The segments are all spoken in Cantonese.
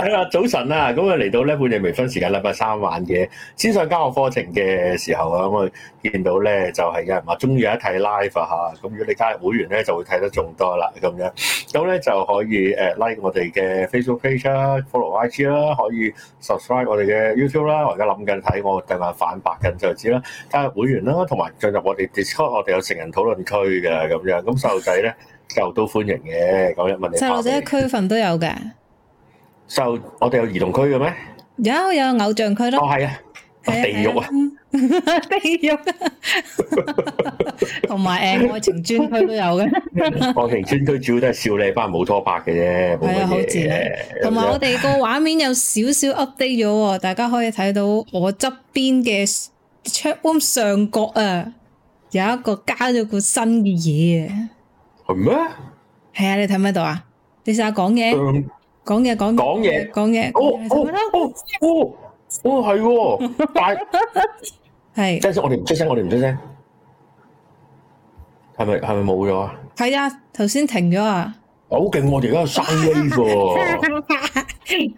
係啦，早晨啊，咁啊嚟到咧半夜微醺時間，禮拜三晚嘅，先上教學課程嘅時候啊，咁啊見到咧就係有人話中意一睇 live 啊嚇，咁如果你加入會員咧就會睇得仲多啦咁樣，咁咧就可以 like 我哋嘅 Facebook page 啦，follow IG 啦，可以 subscribe 我哋嘅 YouTube 啦，我而家諗緊睇我哋日反白緊就知啦，加入會員啦，同埋進入我哋 Discord 我哋有成人討論區嘅咁樣，咁細路仔咧就都歡迎嘅，講一問你。細路仔區份都有嘅。就我哋有兒童區嘅咩？有有偶像區咯。哦係啊，地獄啊，地獄啊，同埋誒愛情專區都有嘅。愛情專區主要都係少女班冇拖拍嘅啫，冇乜嘢。同埋我哋個畫面有少少 update 咗，大家可以睇到我側邊嘅桌碗上角啊，有一個加咗個新嘅嘢。係咩？係啊，你睇唔睇到啊？你成日講嘢。講嘢講嘢講嘢哦哦哦哦哦，係，即係 是的， 我哋唔出聲，我哋唔出聲，係咪係咪冇咗啊？係啊，頭先停咗啊！好勁，我哋而家生 wave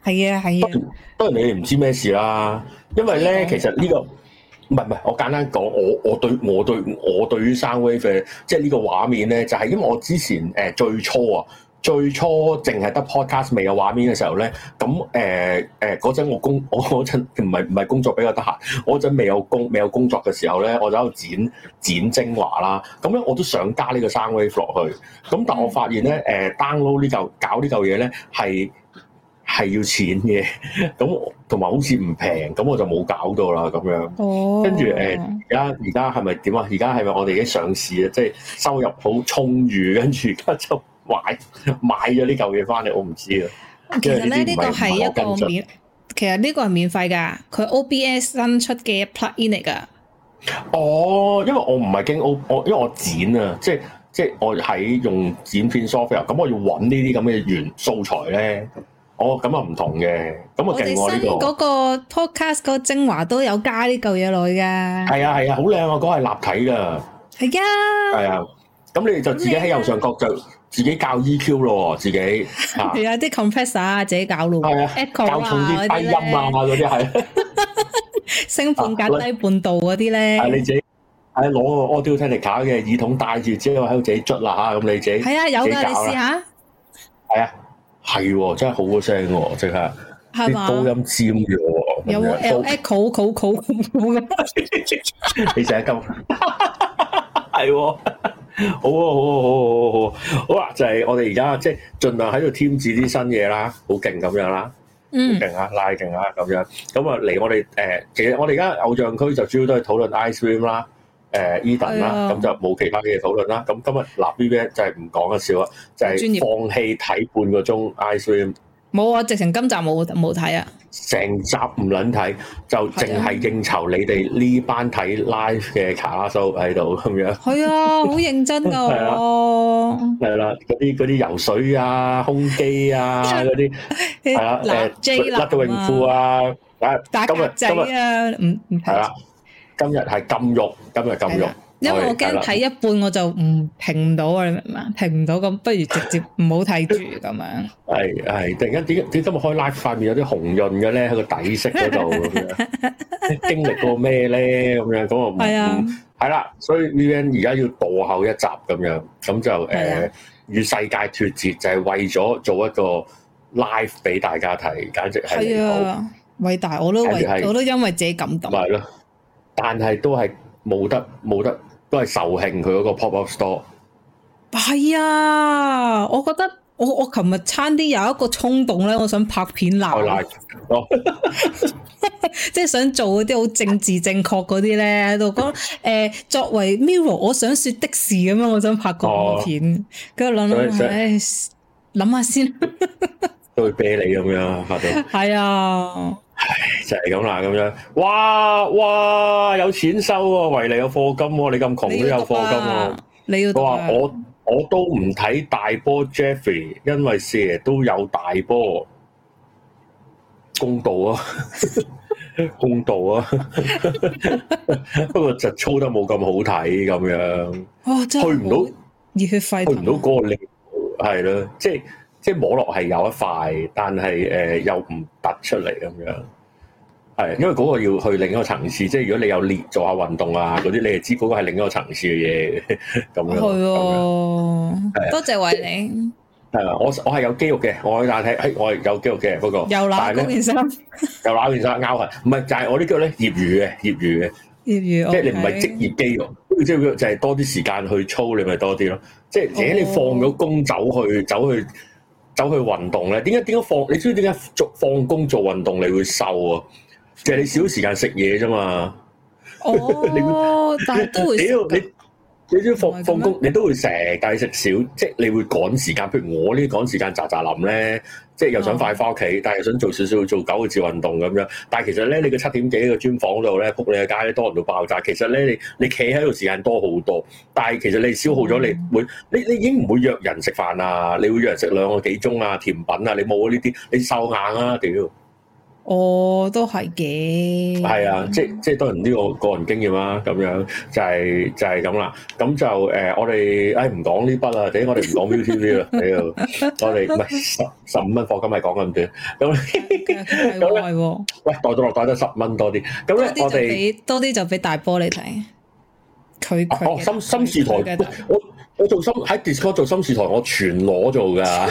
係啊係啊。當然你哋唔知咩事啦，因為咧其實呢、呢個唔係唔係，我簡單講，我我對我對我對於生 wave 即係呢個畫面咧，就係、是就是、因為我之前誒、呃、最初啊。最初淨係得 podcast 未有畫面嘅時候咧，咁誒誒嗰陣我工我嗰陣唔係唔係工作比較得閒，我嗰陣未有工未有工作嘅時候咧，我就喺度剪剪精華啦。咁咧我都想加呢個三 wave 落去，咁但我發現咧誒、嗯呃、download 呢嚿搞呢嚿嘢咧係係要錢嘅，咁同埋好似唔平，咁我就冇搞到啦。咁樣哦，跟住誒而家而家係咪點啊？而家係咪我哋已經上市啊？即係收入好充裕，跟住而家就。 買買咗呢嚿嘢翻嚟，我唔知啊。其實咧呢個係一個免，其實呢個係免費噶。佢 OBS 新出嘅一個 plug in 嚟噶。哦，因為我唔係經 O，我因為我剪啊，即係即係我喺用剪片 software，咁我要搵呢啲咁嘅原素材咧。哦，咁啊唔同嘅，咁啊勁過我呢個。嗰個 podcast 嗰個精華都有加呢嚿嘢落去噶。係啊係啊，好靚啊，嗰個係立體噶。係噶。係啊。咁你哋就自己喺右上角就自己校 EQ 咯、嗯嗯，自己，自己、Echo、啊，啊 己己己有啲 compressor 啊，自己搞咯，係啊，又搞置低音啊，嗰啲係升半格低半度嗰啲咧，係你自己，係攞個 Audio-Technica 搞嘅，耳筒戴住，即係喺度自己捽啦吓，咁你自己係啊，有噶，你試下，係啊，係真係好個聲，即係啲高音尖嘅，有有 echo，coo coo 咁，Echo，考考 你成日鳩，係。 好啊好啊好啊好啊好！好啊，好啊就係、是、我哋而家即係盡量喺度添置啲新嘢啦，好勁咁樣啦，好、嗯、勁啊拉勁啊咁樣，咁啊嚟我哋誒、呃，其實我哋而家偶像區就主要都係討論 Ice Cream 啦，誒、呃、Eden 啦，咁、啊、就冇其他嘅討論啦。咁今日嗱 VB 就係唔講啊笑啊，就係、是、放棄睇半個鐘 Ice Cream。冇啊！直情今集冇冇睇啊！成集唔捻睇，就淨係應酬你哋呢班睇 live 嘅卡拉蘇喺度咁樣。係啊，好認真㗎。係啦，嗰啲嗰啲游水啊，胸肌啊，嗰啲係啦，誒，甩嘅泳褲啊，打格仔啊，唔唔係啦，今日係禁肉，今日禁肉。因為我驚睇一半我就唔停唔到啊，了了你明唔明？停唔到咁，不如直接唔好睇住咁樣。係係突然間點點解咪開 live，塊面有啲紅潤嘅咧，喺個底色嗰度， 經歷過咩咧？咁樣咁啊係啊，係、嗯、啦、啊，所以 VVN 而家要倒後一集咁樣，咁就誒與、啊呃、世界脱節，就係為咗做一個 live 俾大家睇，簡直係係啊偉大，我都為、啊、我都因為自己感動。係咯、啊啊，但係都係冇得冇得。都係受慶佢嗰個 pop up store，係啊，我覺得我我琴日差啲有一個衝動咧，我想拍片鬧 即係想做嗰啲好政治正確嗰啲咧喺度講。誒、欸，作為 mirror，我想説的士咁樣，我想拍個影片，跟住諗諗，誒，諗下、哎、先，都會 啤你咁樣拍到。係啊。唉，就係咁啦，咁樣，哇哇，有錢收啊！維你有課金喎，啊，你咁窮都有課金喎。你要得、啊啊啊、我我，我都唔睇大波 Jeffy，因為四爺都有大波，公道啊， 公道啊。 不過就操得冇咁好睇咁樣。去唔到熱血沸騰，啊，去唔到嗰個力係啦，即係。即係摸落係有一塊，但係誒、呃、又唔突出嚟，咁樣係因為嗰個要去另一個層次。即係如果你有練做下運動啊嗰啲，你係知嗰個係另一個層次嘅嘢咁樣。係，多謝為玲。係啊，我我係有肌肉嘅，我但係我係有肌肉嘅，不過又扭嗰件衫，又扭件衫拗下，唔係 就係、是、我啲腳咧業餘嘅，業餘嘅，業餘，即係你唔係職業肌肉，okay、即係就係多啲時間去操你是，你咪多啲咯。即係而你放咗工走去走去。走去運動咧，點解點解放？你知唔知點解做放工做運動你會瘦啊？就係、是、你少時間食嘢啫嘛。哦， 你但係都會食你知放放工，你都會成日係食少，即係你會趕時間。譬如我呢，趕時間咋咋臨咧，即係又想快翻屋企，但係又想做少少做九個字運動咁樣。但係其實咧，你個七點幾個專房度咧，撲你嘅街咧，多人到爆炸。其實咧，你你企喺度時間多好多，但係其實你消耗咗你會，你你已經唔會約人食飯啊，你會約人食兩個幾鐘啊，甜品啊，你冇呢啲，你瘦硬啊屌！嗯哦，都係嘅。係啊，即即當然呢個個人經驗啦，咁樣就係、是、就係咁啦。咁就誒、呃，我哋唉唔講呢筆啦，點我哋唔講 v t u b e 度，我哋唔係十十五蚊課金係講嘅，唔斷咁咁咧。喂，代咗落袋得十蚊多啲。咁咧我哋多啲就俾大波你睇。佢哦，深深事台，我我做深喺 Discord 做深事台，我全攞做噶。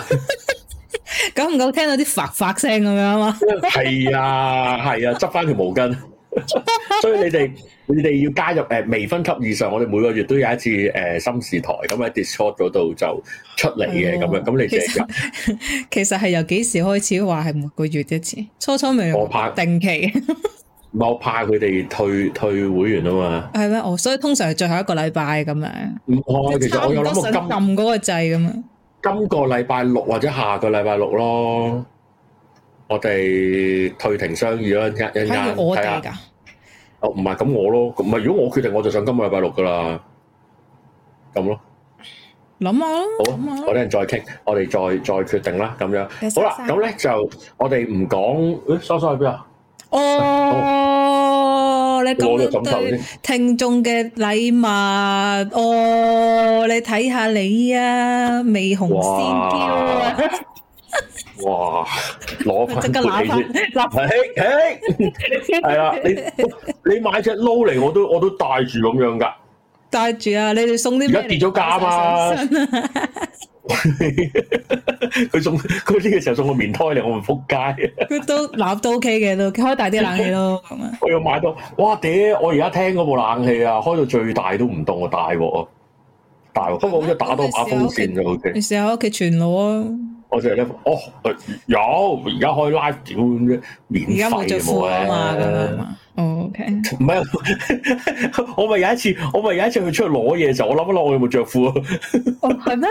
咁唔夠聽到啲發發聲咁樣 啊？係啊，係啊，執翻條毛巾。 所以你哋你哋要加入誒、呃，未分級以上，我哋每個月都有一次誒、呃、心事台，咁、嗯、喺 Discord 嗰度就出嚟嘅咁樣。咁、嗯、你哋其實其實係由幾時開始話係每個月一次？初初未有定期，唔係我怕佢哋 退退會員啊嘛。係咩？我、哦、所以通常係最後一個禮拜咁樣。唔、哦、開，其實我有諗撳嗰個掣咁啊。今個禮拜六或者下個禮拜六咯，我哋退庭商議咯，一一陣間，係啊。哦，唔係咁我咯，唔係如果我決定我就上今個禮拜六噶啦，咁咯。諗下啦。好啊，我哋再傾，我哋再再決定啦，咁樣。好啦，咁咧就我哋唔講。誒，蘇蘇喺邊啊？哦。哦我攞嚟枕頭咧。聽眾嘅禮物，哦，你睇下你啊，美紅仙嬌，哇，攞返嚟先，拿噴氣氣，係啦，你你買隻撈嚟，我都我都戴住咁樣噶，戴住啊，你哋送啲而家跌咗價啊嘛。佢 送佢呢個時候送個棉胎嚟，我會撲街。佢都可以冷都 OK 嘅都，開大啲冷氣咯。我又買到，哇屌！我而家聽嗰部冷氣啊，開到最大都唔凍，大鑊，大鑊。不過好似打多把風扇咋，OK，啊、你成日喺屋企全裸啊？我成日咧，哦，有而家可以拉吊咁啫，免費嘅。啊哦，OK。唔係，我咪有一次，我咪有一次佢出去攞嘢就，我諗一諗，我有冇着褲？係、oh, 咩？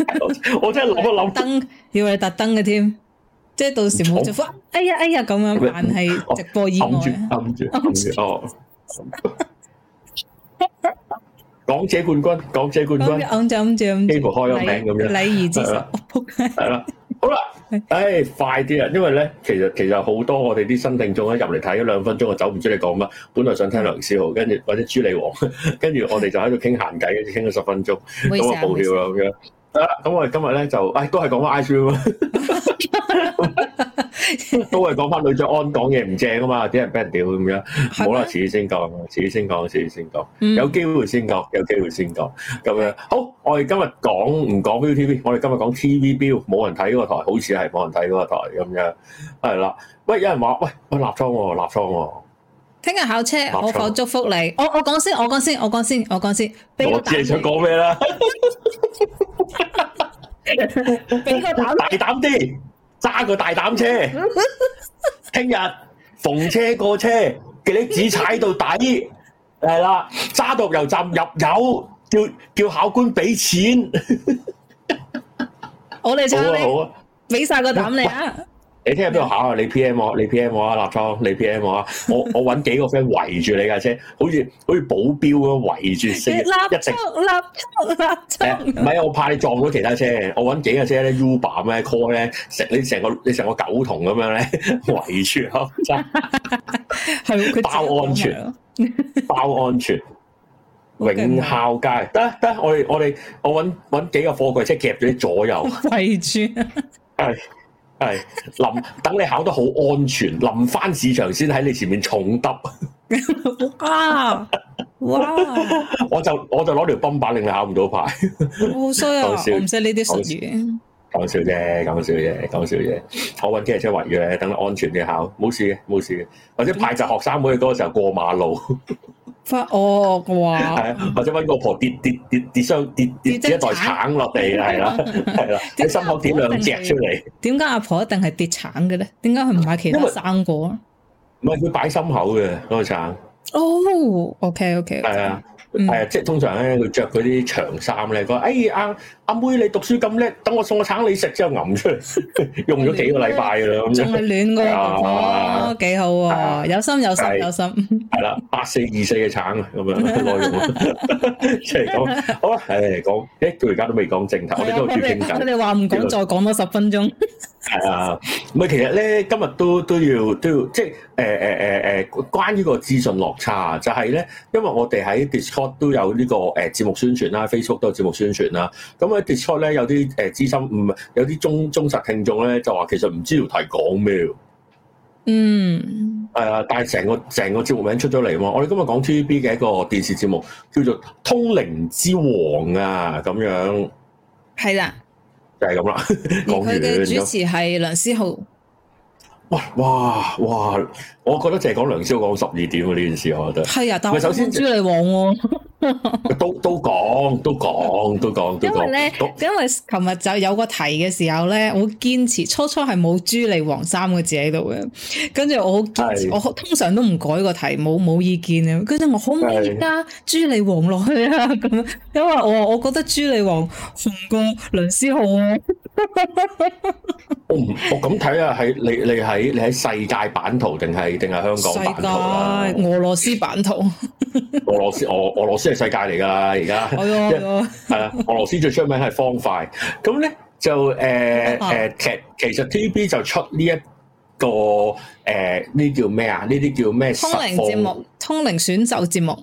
我真係諗，我諗燈以為你特登嘅添，即係到時冇着褲。哎呀，哎呀，咁樣，但係直播意外。摁住，摁住，哦。港姐冠軍，港姐冠軍，暗針住，幾乎開個名咁樣，禮儀之實，O K。啦、哦， 好啦。唉、哎，快啲啊！因為咧，其實其實好多我哋啲新聽眾咧入嚟睇咗兩分鐘，我走唔出嚟講乜。本來想聽梁思浩，跟住或者朱莉王，跟住我哋就喺度傾閒偈，跟住傾咗十分鐘，咁啊，抱歉啦咁樣。咁、啊、我哋今日咧就，唉、哎，都係講翻 I G 咯。 都係講翻女仔安講嘢唔正啊嘛，啲人俾人屌咁樣，好啦，遲啲先講，遲啲先講，遲啲先講，有機會先講，有機會先講，咁樣。好，我哋今日講唔講 ViuTV？我哋今日講 T V B，冇人睇嗰個台，好似係冇人睇嗰個台咁樣。係啦，喂，有人話喂，我立倉喎，立倉喎。聽日考車，可否祝福你？我我講先，我講先，我講先，我講先。我，說先我知你想講咩啦？俾個膽，大膽啲。揸個大膽車，聽日逢車過車，腳趾踩到底，係啦，揸到油站入油，叫叫考官俾錢， 好啊好啊俾晒個膽你啊！ 你聽日邊度考啊？你 P M 我，你 P M 我啊，立倉，你 P M 我啊，我我搵幾個 friend 圍住你架車， 好似好似保鏢咁圍住成一食立倉立倉，唔係、哎、我怕你撞到其他車，我搵幾個車咧 Uber 咩 call 咧，成你成個你成個狗同咁樣咧圍住嗬，係 包安全，包安全， 永孝街得得，我哋我哋我搵搵幾個貨櫃車夾住你左右圍住係。 係， 臨等你考得好安全，臨翻市場先喺你前面重抌。 哇哇！ 我就我就攞條泵把令你考唔到牌。好衰啊， 我唔識呢啲術語。講笑啫，講笑啫，講笑啫。我搵汽車圍住咧，等你安全嘅考，冇事嘅，冇事嘅。或者派集學生妹，嗰時候過馬路。發我嘅話，係、哦、啊， 或者搵個婆跌跌跌跌雙跌跌跌，跌一袋橙落地，係啦，係啦，啲 心口跌兩隻出嚟。點解阿婆一定係跌橙嘅咧？點解佢唔買其他生果啊？唔係佢擺心口嘅嗰、那個橙。哦，OK OK, okay。係、嗯、啊，係啊，即係通常咧，佢着嗰啲長衫咧，佢話哎呀。阿妹，你讀書咁叻，等我送個橙你食之後，揞出嚟，用咗幾個禮拜噶啦，仲係暖喎，幾、 哦啊哦、好喎、啊啊，有心有心有心，係啦，八四二四嘅橙咁樣內容，即係咁好、哎、到啊！嚟講誒，佢而家都未講正題，我哋都係傾緊。你話唔講再講多十分鐘？係 啊，唔係其實咧，今日都都要都要，即係誒誒誒誒，關於個資訊落差就係、是、咧，因為我哋喺 Discord 都有呢、這個誒節、呃、目宣傳啦、啊、，Facebook 都有節目宣傳啦，咁啊～、嗯一跌出咧，有啲誒資深唔係有啲忠忠實聽眾咧，就話其實唔知道條題講咩。嗯，係啊，但係成個成個節目名出咗嚟嘛。我哋今日講 T V B 嘅一個電視節目，叫做《通靈之王》啊，咁樣係啦、啊，就係咁啦。講完，主持係梁思浩。哇哇哇！我覺得淨係講梁思浩講十二點喎。呢件事，我覺得係啊。但係首先朱莉王、啊。 都都講，都講，都講，都講。因為咧，因為琴日就有個題嘅時候咧，我堅持初初係冇朱莉王三個字喺度嘅，跟住我好堅持，我通常都唔改個題，冇冇意見啊。跟住我可唔可以加朱莉王落去啊？咁， 因為我我覺得朱莉王紅過梁思浩啊。我唔，我咁睇啊，係你你喺你喺世界版圖定係定係香港版圖啊？世界俄羅斯版圖。 俄羅斯俄俄羅斯。世界嚟噶啦，而家係啊，oh yeah, oh yeah. 俄羅斯最出名係方塊。咁咧就誒誒其其實 TVB 就出呢、這、一個誒呢、呃、叫咩啊？呢啲叫咩？通靈節目，通靈選秀節目。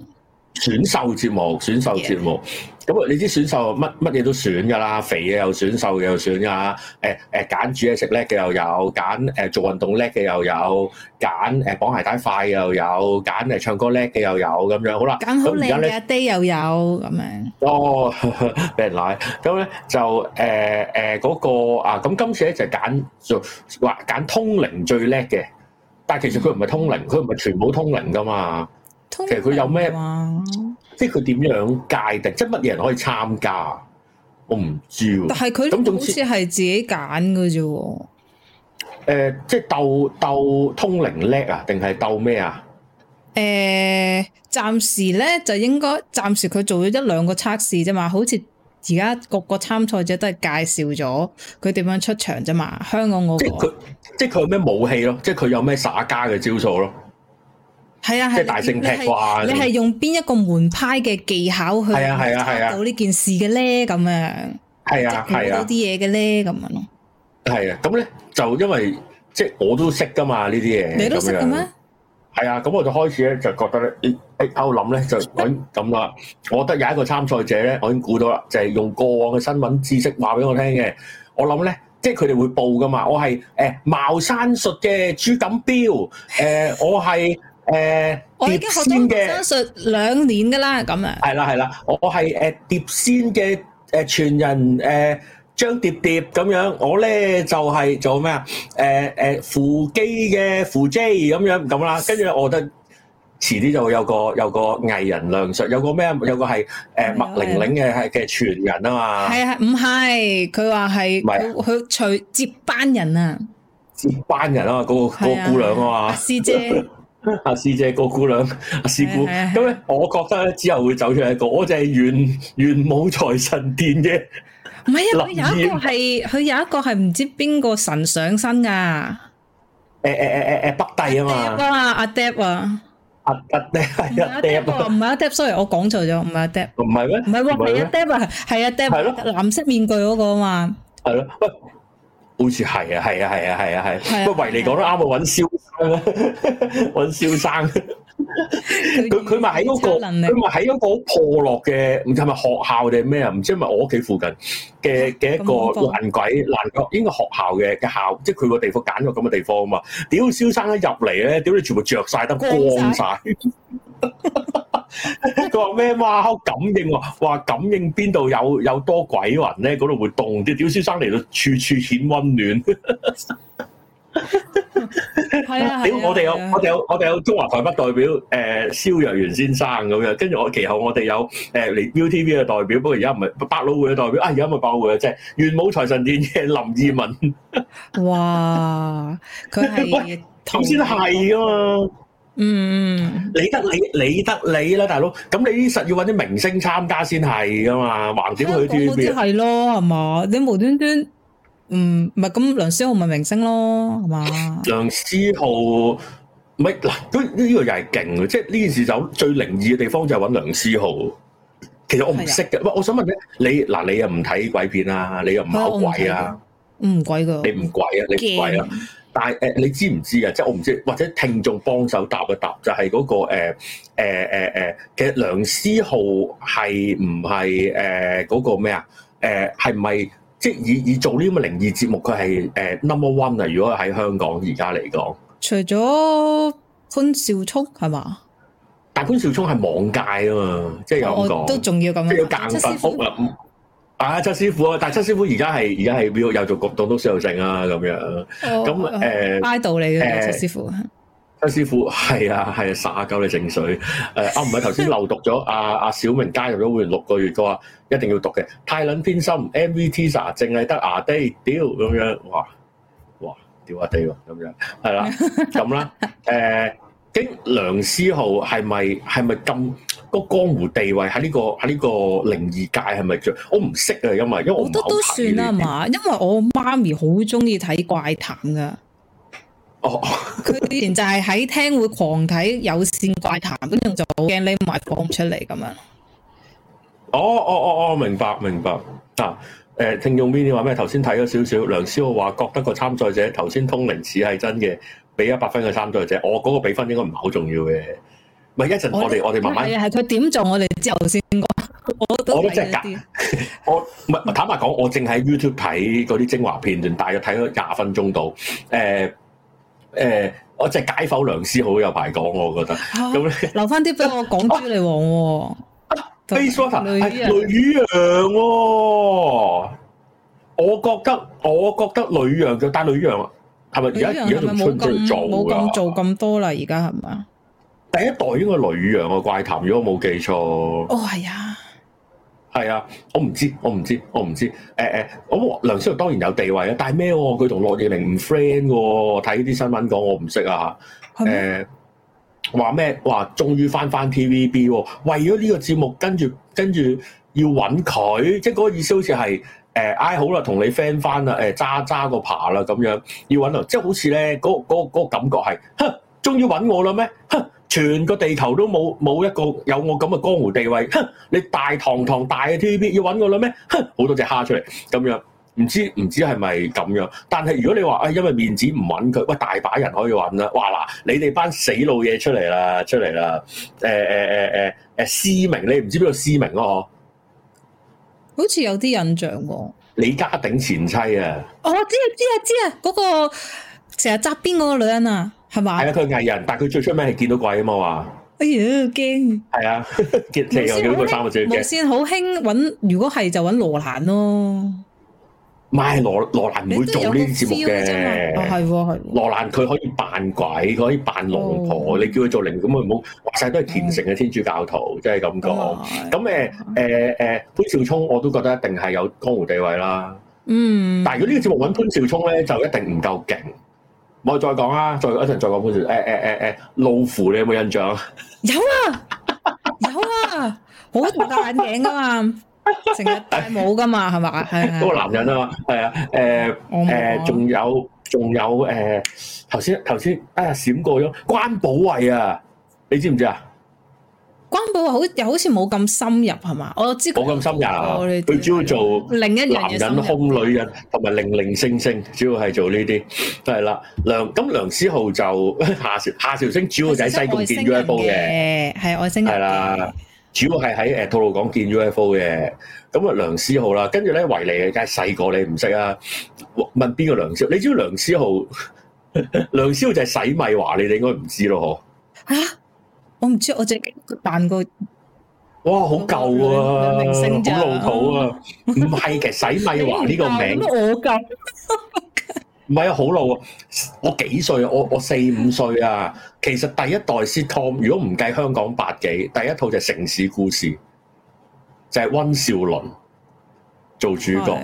選秀節目，選秀節目，咁、yeah. 啊、嗯！你啲選秀乜乜嘢都選噶啦，肥嘅又選，瘦嘅又選啊！誒、欸、誒，揀煮嘢食叻嘅又有，揀誒、呃、做運動叻嘅又有，揀誒綁鞋帶快嘅又有，揀誒唱歌叻嘅又有，咁樣好啦。揀而家咧，day 又有咁樣。哦，俾 人賴咁咧就誒誒嗰個啊，咁今次咧就揀做話揀通靈最叻嘅，但係其實佢唔係通靈，佢唔係全部通靈噶嘛。其實佢有咩、啊？即係佢點樣界定？即係乜嘢人可以參加？我唔知喎。但係佢咁，總之係自己揀嘅啫。誒、呃，即係鬥鬥通靈叻啊？定係鬥咩啊？誒、呃，暫時咧就應該暫時佢做咗一兩個測試啫嘛。好似而家各個參賽者都係介紹咗佢點樣出場啫嘛。香港嗰、嗰個即佢，即係佢有咩武器咯？即係佢有咩耍家嘅招數咯？係啊係，即大聖劈掛，你係你係用邊一個門派嘅技巧去做到呢件事嘅咧？咁樣係啊係啊，啲嘢嘅咧咁樣咯。係啊，咁咧、啊就，啊啊啊、就因為即係、就是、我都識噶嘛呢啲嘢，你都識噶咩？係啊，咁我就開始咧就覺得咧，喺度諗咧就咁咁啦。我覺得有一個參賽者咧，我已經估到啦，就係、是、用過往嘅新聞知識話俾我聽嘅。我諗咧，即係佢哋會報噶嘛。我係誒、呃、茅山術嘅朱錦標，誒、 呃、我係。誒，碟仙嘅，我已經學咗兩年噶啦，咁啊，係啦係啦，我係誒碟仙嘅誒傳人，誒張碟碟咁樣，我咧就係做咩啊？誒誒扶乩嘅扶乩咁樣咁啦，跟住我覺得遲啲就會有個有個藝人梁實，有個咩啊？有個係誒麥玲玲嘅係嘅傳人啊嘛，係啊，唔係，佢話係唔係佢取接班人啊？接班人啊，嗰個嗰個姑娘啊嘛，師姐。阿師姐個姑娘，阿師姑，咁咧，我覺得咧之後會走出一個，我就係元元武財神殿嘅，唔係啊，有一個係，佢有一個係唔知邊個神上身噶，誒誒誒誒誒北帝啊嘛，北帝啊？北帝？係啊，北帝啊？唔係，北帝，sorry 我講錯咗，唔係北帝？唔係咩？唔係喎，係北帝啊？係北帝，藍色面具嗰個啊嘛，係囉好似係啊，係啊，係啊，係啊，係。不過維尼講得啱啊，揾、啊、揾蕭生佢佢咪喺嗰個，佢咪喺嗰個好破落嘅，唔知係咪學校定咩啊？唔知係咪我屋企附近嘅嘅、哦、一個爛鬼爛角，應該學校嘅嘅校，即係佢個地方揀咗咁嘅地方啊嘛。屌蕭生一入嚟咧，屌你全部着晒得光晒。佢話咩？哇！感應話，話感應邊度有有多鬼魂咧？嗰度會凍啲。屌，先生嚟到處處顯溫暖。係 啊屌、啊啊，我哋有、啊啊、我哋有我哋有，有，有中華台北代表誒，蕭、呃、若元先生咁樣。跟住我其後我哋有誒嚟 U T V 嘅代表，不過而家唔係百老匯嘅代表。啊，而家咪百老會啊，即係元武財神殿嘅林志文。 哇！佢係頭先係噶嘛？嗯，理得你理得你，理得你啦，大佬。咁你實要揾啲明星參加先係噶嘛？橫掂佢都要變，即係咯，係嘛？你無端端，嗯，唔係咁梁思浩咪明星咯，係嘛？梁思浩唔係嗱，呢、呢個又係勁，即係呢件事就最靈異嘅地方就係揾梁思浩。其實我唔識嘅，喂，我想問你，你嗱，你又唔睇鬼片啊？你又唔考不鬼啊？唔、嗯、鬼嘅，你唔鬼、啊、鬼啊？你唔鬼啊？但誒、呃，你知唔知啊？即係我唔知，或者聽眾幫手答一答就係、是、嗰、那個誒誒誒其實梁思浩係唔係誒嗰個咩啊？誒係唔係即係以以做呢啲靈異節目，佢係誒 number one 啊！如果喺香港而家嚟講，除咗潘紹聰係嘛？但潘紹聰係網界啊嘛，即係有講都仲、哦、要咁樣間唔得屋啦。啊，七師傅啊，但七師傅而家係而家係要又做局，凍都少又剩啊，咁樣咁誒，挨到你嘅七師傅啊，七師傅係啊係啊，灑、啊、狗你聖水誒，啊唔係頭先漏讀咗阿阿小明加入咗會員六個月，我話一定要讀嘅，泰倫偏心，MV teaser 淨係得牙低屌咁樣，哇哇屌啊地咁樣，係啦咁啦誒。 梁思浩係咪係咪咁個江湖地位喺呢個喺呢個靈異界係咪最？我唔識啊，因為因為我唔好睇。我覺得都算啦，係嘛？因為我媽咪好中意睇怪談噶。哦，佢之前就係喺聽會狂睇有線怪談，跟住就好驚你唔係放出嚟咁啊！哦哦哦哦，明白明白啊！誒，聽眾邊啲話咩？頭先睇咗少少，梁思浩話覺得個參賽者頭先通靈似係真嘅。俾一百分嘅三多嘅啫，我嗰個比分應該唔係好重要嘅。唔係一陣我哋我哋慢慢係佢點做我，我哋之後先講。我真係我唔係坦白講，我淨喺 YouTube 睇嗰啲精華片段，大約睇咗廿分鐘到。誒、欸、誒、欸，我只解剖梁思浩有排講，我覺得咁、啊、留翻啲俾我講朱莉王。Facebook 雷雨陽，我覺得我覺得雷陽就但女陽係咪而家而仲出咗做冇咁做咁多啦，而家係咪第一代應該雷宇揚個怪談如果我冇記錯哦係啊，係、oh, yeah. 啊，我唔知，我唔知，我唔知。誒、uh, 誒、uh,，咁梁思浩當然有地位是啊，但係咩？佢同樂易玲唔 friend 噶？睇啲新聞講，我唔識啊。誒，話、uh, 咩？話終於翻翻 TVB，、啊、為咗呢個節目，跟住跟住要揾佢，即係嗰個意思，好似係。誒、哎、挨好啦，同你 friend 返啦，誒揸揸個扒啦，咁樣要搵啊！即係好似咧，嗰個感覺係，哼，終於搵我啦咩？哼，全個地球都冇冇一個有我咁嘅江湖地位，哼，你大堂堂大嘅 TVB 要搵我啦咩？哼，好多隻蝦出嚟，咁樣唔知唔知係咪咁樣？但係如果你話，誒、哎，因為面子唔搵佢，喂，大把人可以搵啦。哇嗱，你哋班死老嘢出嚟啦，出嚟啦，誒誒誒誒誒，思、呃呃呃、明，你唔知邊個思明啊？嗬？好似有啲印象喎、哦，李家鼎前妻啊！我、哦、知啊知啊知啊，嗰、那個成日紮辮嗰個女人啊，係嘛？係啊，佢藝人，但係佢最出名係見到鬼啊嘛話。哎呀，驚！係啊，見聽日叫佢三個字。無線好興揾，如果係就揾羅蘭咯。唔係，羅羅蘭唔會做呢啲節目嘅，係喎係。羅蘭佢可以扮鬼，佢可以扮龍婆，oh. 你叫佢做靈，咁啊唔好話晒都係虔誠嘅天主教徒，即係咁講。咁誒誒誒潘紹聰，我都覺得一定係有江湖地位啦。嗯、mm.。但係如果這個節呢個節目揾潘紹聰咧，就一定唔夠勁。我再講啦、啊，再一陣再講潘紹。誒誒誒誒，路、哎哎、虎你有冇印象？有啊，有啊， 好大眼鏡噶嘛。 成日戴帽噶嘛，係咪啊？係係嗰個男人啊，係啊，誒，誒，仲有仲有誒，頭先頭先啊，閃過咗關保衛啊，你知唔知啊？關保衛好又好似冇咁深入係嘛？我知冇咁深入，佢主要做另一樣嘢深入。男人控女人，同埋零零星星，主要係做呢啲係啦。梁，咁梁思浩就夏夏兆星主要就係西貢見 UFO 嘅，係外星人係啦。主要係喺誒吐露港見 UFO 嘅，咁啊梁思浩啦，跟住咧維尼嘅，梗係細個你唔識啊！問邊個梁思？你知道梁思浩，梁思浩就係洗米華，你哋應該唔知咯，嚇、啊！我唔知，我就扮過個， 哇，好舊啊，好老土啊，唔係嘅，其實洗米華呢個名我噶。唔係啊，好老啊！我幾歲啊？我我四五歲啊！其實第一代 sitcom，如果唔計香港八幾，第一套就係《城市故事》，就係溫兆倫做主角，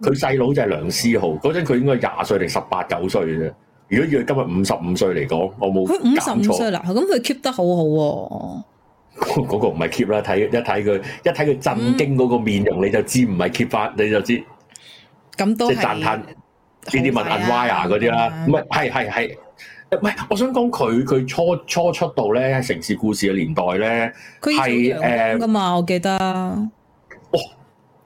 佢細佬就係梁思浩，嗰陣佢應該廿歲定十八九歲啫。如果要佢今日五十五歲嚟講，我冇佢五十五歲啦。咁佢 keep 得好好、啊、喎。嗰 個唔係 keep 啦，睇一睇佢，一睇佢震驚嗰個面容，你就知唔係 keep 翻，你就知。咁多。即係、嗯就是、讚嘆呢啲文銀 wire 嗰啲啦，唔係、啊，係係係，唔係，我想講佢佢初初出道咧，城市故事嘅年代咧，佢係誒，咁嘛、呃，我記得，哦，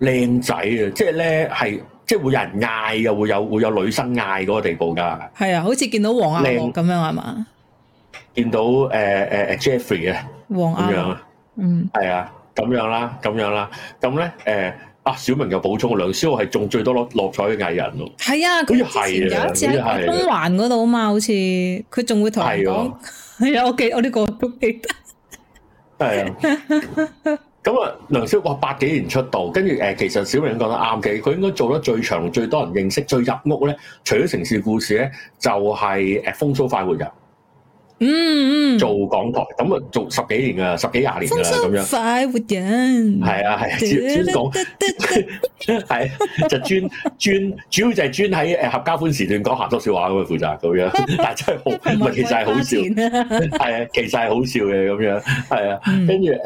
靚仔啊，即係咧係，即係、就是、會有人嗌，又會有會有女生嗌嗰個地步噶，係啊，好似見到黃阿諾咁樣係嘛，見到誒誒、呃呃、Jeffrey 啊，黃亞咁樣啊，嗯，係啊，咁樣啦，咁樣啦，咁咧誒。啊！小明又補充，梁思浩係中最多攞落彩嘅藝人咯。係啊，好似之啊，之前有一次喺中環嗰度啊嘛，好似佢仲會同人講。係啊，係啊 我記我呢個都記得。係啊，咁 啊、嗯，梁思浩八幾年出道，跟住誒，其實小明講得啱，其實佢應該做得最長、最多人認識、最入屋咧，除咗《城市故事》咧，就係誒《風騷快活人》。嗯，嗯，做港台咁啊，做十幾年噶，十幾廿年噶啦，咁樣。快活人。係啊係啊，專專講，係、呃呃 啊、就專專， 主要就係專喺誒合家歡時段講鹹多笑話咁啊，負責咁樣。但係真係好，唔 係其實係好笑，係 啊，其實係好笑嘅咁樣，係啊。跟住誒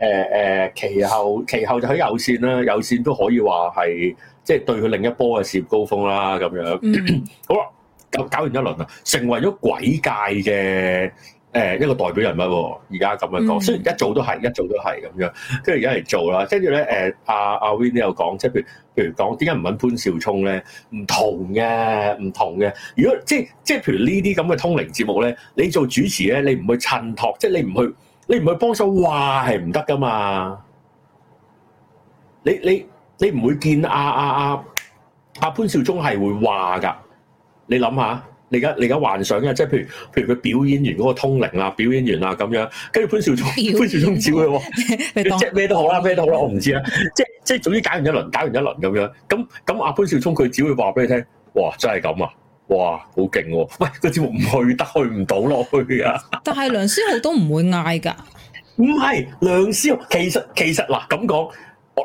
誒誒，其後其後就喺有綫啦，有綫都可以話係即係對佢另一波嘅事業高峰啦，咁樣。嗯、 好啦。搞完一輪啦，成為咗鬼界嘅誒一個代表人物。而家咁樣講，雖然一早都係一早都係咁樣，跟住而家嚟做啦。跟住咧誒，阿、啊、阿、啊、Vin 又講，即係譬如譬如講，點解唔揾潘少聰咧？唔同嘅，唔同嘅。如果即即係譬如呢啲咁嘅通靈節目咧，你做主持咧，你唔去襯托，即係你唔去你唔去幫手話係唔得㗎嘛？你你你唔會見阿阿阿阿潘少聰係會話㗎。你諗下，你而家你而家幻想嘅，即係譬如譬如佢表演完嗰個通靈啦，表演完啦咁樣，跟住潘少聰潘少聰照嘅，即係咩都好啦，咩都好啦，我唔知啦，即係即係，總之搞完一輪，搞完一輪咁樣，咁咁阿潘少聰佢只會話俾你聽，哇真係咁啊，哇好勁喎，喂個節目唔去得，去唔到咯，去啊！但係梁思浩都唔會嗌噶，唔 係梁思浩，其實其實嗱咁講，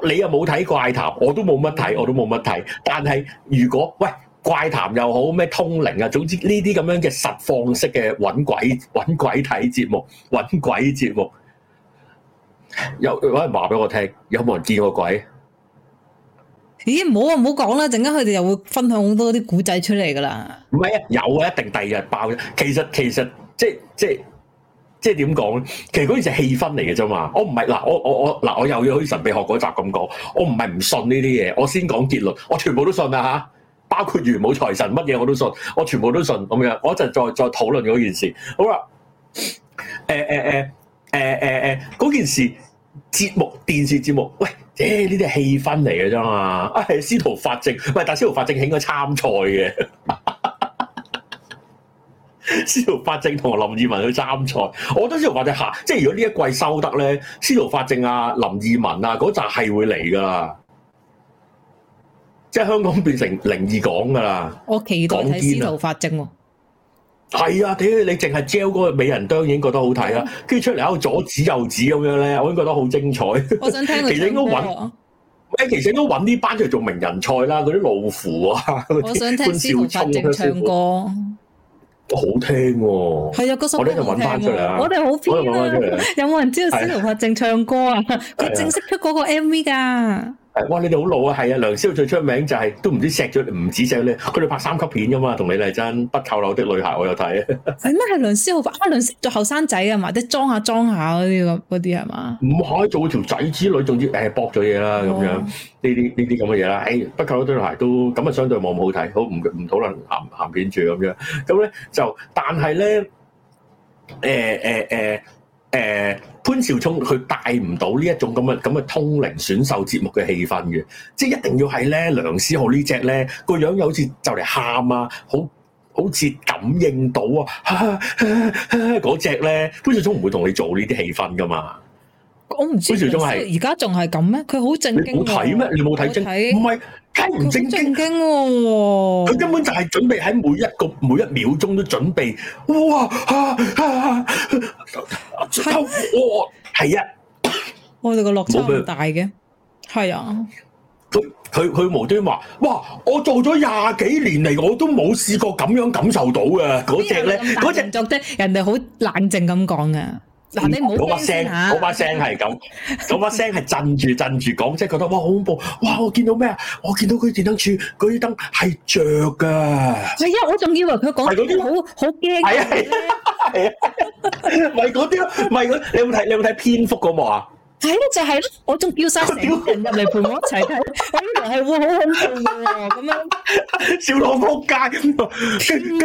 你又冇睇怪談，我都冇乜睇，我都冇乜睇，但係如果喂。怪談又好咩通靈啊，總之呢啲咁樣嘅實況式嘅揾鬼揾鬼睇節目，揾鬼節目，有有人話俾我聽，有冇人見過鬼？咦，唔好啊，唔好講啦，陣間佢哋又會分享好多啲古仔出嚟噶啦。唔係啊，有啊，一定第二日爆嘅。其實其實即係即係即係點講咧？其實嗰件事係氣氛嚟嘅啫嘛。我唔係嗱，我我我嗱，我又要好似神秘學嗰集咁講，我唔係唔信呢啲嘢，我先講結論，我全部都信啦吓。包括元武財神乜嘢我都信，我全部都信咁樣。我一陣再再討論嗰件事。好啦，誒誒誒誒誒誒，嗰、欸欸欸、件事節目電視節目，喂，誒呢啲係氣氛嚟嘅啫嘛。啊、哎，係司徒法正，唔係，但司徒法正應該參賽嘅。司徒法正同林志文去參賽，我覺得司徒法正下，即係如果呢一季收得咧，司徒法正啊、林志文啊嗰陣係會嚟噶。即係香港變成靈異港噶啦，我期待睇司徒法正喎。係啊，屌、啊、你淨係 sell 嗰個美人當然已經覺得好睇啦，跟住出嚟喺度左指右指咁樣咧，我已經覺得好精彩。我想聽佢。其實應該揾，其實應該揾啲班嚟做名人賽啦，嗰啲老虎啊，我想聽司徒法正歌唱歌。好聽喎！係啊，個我哋就揾翻出嚟啊！我哋好編啊！我 有冇人知道司徒法正唱歌啊？佢正式出嗰個 M V 噶。哇！你哋好老啊，係啊，梁思浩最出名就係、是、都唔知錫咗唔止錫咧。佢哋拍三級片噶嘛，同李麗珍《不扣鈕的女孩》哎，我有睇。係咩係梁思浩？梁思浩做後生仔啊嘛，即係裝下裝下嗰啲啲係嘛？唔可以做條仔之類，總之誒搏咗嘢啦咁樣。呢啲呢啲咁嘅嘢啦，誒、欸《不扣鈕的女孩都》都咁啊，相對冇咁好睇，好唔唔討論鹹鹹片住咁樣。咁咧就，但係咧誒誒誒。欸欸欸欸誒、呃，潘紹聰佢帶唔到呢一種咁嘅咁嘅通靈選秀節目嘅氣氛嘅，即係一定要係咧梁思浩隻呢隻咧個樣又好似就嚟喊啊，好好似感應到啊，嗰隻咧潘紹聰唔會同你做呢啲氣氛噶嘛，我唔知潘紹聰係而家仲係咁咩？佢好正，正經，你冇睇咩？你冇睇正經？唔係。正經，佢根、啊、本就係準備喺每一個每一秒鐘都準備，哇我係呀，我哋個落差唔大嘅，係啊，佢佢佢無端話，哇，我做咗廿幾年嚟，我都冇試過咁樣感受到嘅，嗰隻咧，嗰隻、那個、人哋好冷靜咁講噶。嗱你冇嗰把聲，嗰把聲係咁，嗰把聲係震住震住講，即係覺得哇好恐怖！哇我見到咩啊？我見到佢電燈柱，嗰啲燈係着噶。係啊，我仲以為佢講係嗰啲好好驚嘅咧。係啊，咪嗰啲咯，咪嗰，你有冇睇，你有冇睇蝙蝠嗰幕啊？係咯就係咯，我仲叫晒成群人入嚟陪我一齊睇，我以為係會好恐怖嘅，咁樣笑到我仆街。哈哈哈！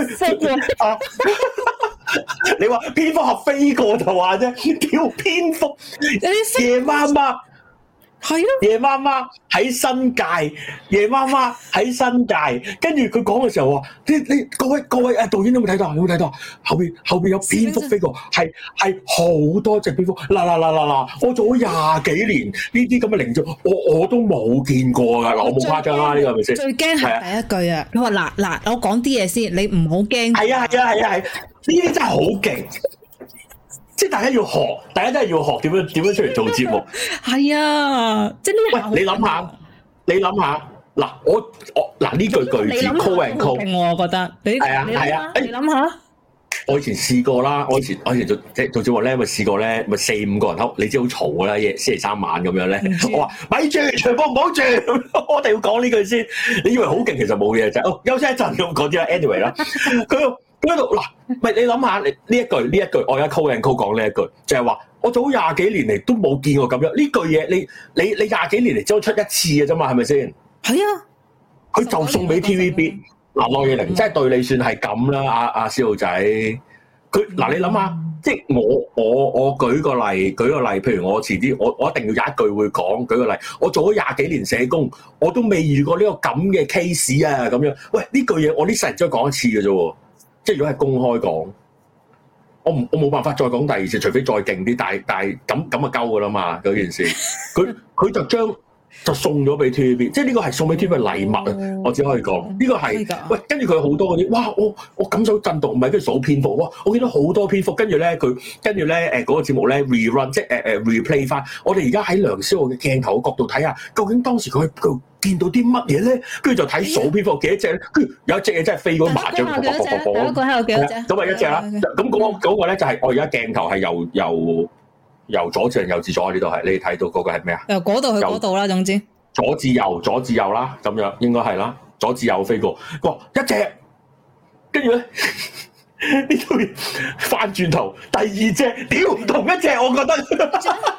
哈哈！哈哈！ 你說蝙蝠俠飛過就話啫，屌蝙蝠，夜晚係咯、啊，夜媽媽喺新界，夜媽媽喺新界，跟住佢講嘅時候，啲啲各位各位誒，導演有冇睇到？你有冇睇到？後邊後邊有蝙蝠飛過，係係好多隻蝙蝠，嗱嗱嗱嗱嗱，我做咗廿幾年呢啲咁嘅靈異，我我都冇見過噶，我冇誇張啦，呢個係咪先？最驚係第一句啊！佢話嗱嗱，我講啲嘢先，你唔好驚。係啊係啊係啊係，呢啲、啊啊、真係好勁。即係大家要學，大家真係要學點樣點樣出嚟做節目。係啊，即係呢樣。喂，你諗下，你諗下嗱，我我嗱呢句句子，call and call，我覺得，係啊係啊，你諗下，啊啊啊哎，我以前試過啦，我以前我以前做即係做節目咧，咪試過咧，咪四五個人，好你知好嘈噶啦，星期三晚咁樣咧，我話咪住，全部唔好住， 我哋要講呢句先。你以為好勁，其實冇嘢就哦，休息一陣，講啲啦，anyway 啦，佢。喂度嗱，係、啊啊、你諗下，呢一句呢一句，我一 call o 人 c a l 講呢一句，就係、是、話我做咗廿幾年嚟都冇見過咁樣呢句嘢。你你你廿幾年嚟只出一次嘅啫嘛，係咪先？係啊，佢就送俾 TVB 嗱，樂、啊、易玲、嗯、真係對你算係咁啦。阿阿小浩仔，佢嗱、啊，你諗下，即係我我我舉個例舉個例，譬如我遲啲我我一定要有一句會講，舉個例，我做咗廿幾年社工，我都未遇過呢個咁嘅 case 啊，咁樣喂呢句嘢，我呢世人只係講一次嘅啫。即係如果係公開講，我唔我冇辦法再講第二次，除非再勁啲，但係但係咁咁就夠㗎啦嘛，嗰件事，佢佢就將。就送咗俾 TVB，即係呢個係送俾 TVB 嘅禮物啊、哦！我只可以講，呢、嗯這個係喂。跟住佢好多嗰啲，哇！我我感受震動，唔係跟住數蝙蝠，哇！我見到好多蝙蝠。跟住咧，佢跟住咧，嗰、那個節目咧 re-run，即係、uh, replay 翻。我哋而家喺梁思浩嘅鏡頭嘅角度睇下，究竟當時佢佢見到啲乜嘢咧？跟住就睇數蝙蝠幾、嗯、多隻呢？跟住有一隻嘢真係飛過麻將咁咪一隻啦、啊。咁嗰、啊啊那個咧、嗯那個、就係我而家鏡頭係由由，有由左，左啊、由，由左至右，右至左，呢度係你睇到嗰個係咩啊？由嗰度去嗰度啦，總之左至右，左至右啦，咁樣應該係啦。左至右飛過，哇，一隻，跟住咧，呢度翻轉頭，第二隻，屌，同一隻，我覺得。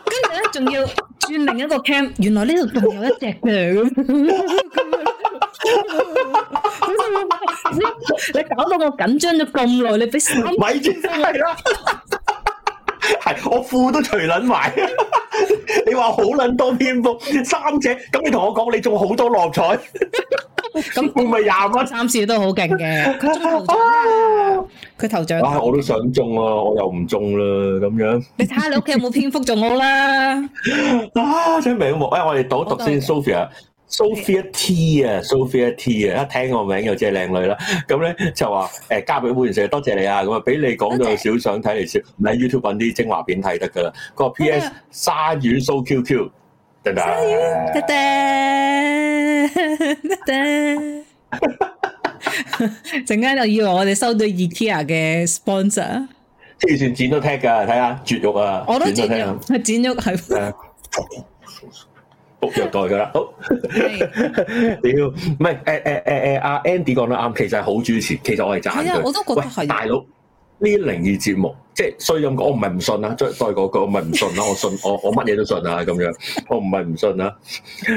跟住咧，仲要轉另一個 cam， 原來呢度仲有一隻嘅。咁， 你搞到我緊張咗咁耐，你俾三米先生係啦。就是 係，我褲都除捻埋。你話好捻多蝙蝠三隻，咁你同我講你中好多六合彩，咁咪廿蚊。暫時都好勁嘅，佢中咗啦。佢頭獎啊，我都想中啊，我又唔中啦，咁樣。你睇下你屋企有冇蝙蝠仲好啦。啊，真醒目。哎，我哋讀一讀先，Sophia。Sophia T 啊，Sophia T 啊，一聽個名又真係靚女啦。咁咧就話誒交畀會員社，多謝你啊。咁啊俾你講到少想睇嚟唔喺 YouTube 揾啲精華片睇得噶啦。個 PS、okay。沙縣 so Q Q，噔噔噔噔，陣間 就以為我哋收到 IKEA 嘅 sponsor 啊，前剪都聽噶，睇下絕育啊，我都聽，係剪咗係。剪 虐待噶啦，好，屌，唔係，誒誒誒誒，阿 Andy 講得啱，其實係好主持，其實我係讚佢。我都覺得係，大佬呢啲靈異節目，即係雖咁講，我唔係唔信啦，再再講講，我唔係唔信啦，我信，我我乜嘢都信啊，咁樣，我唔係唔信啦。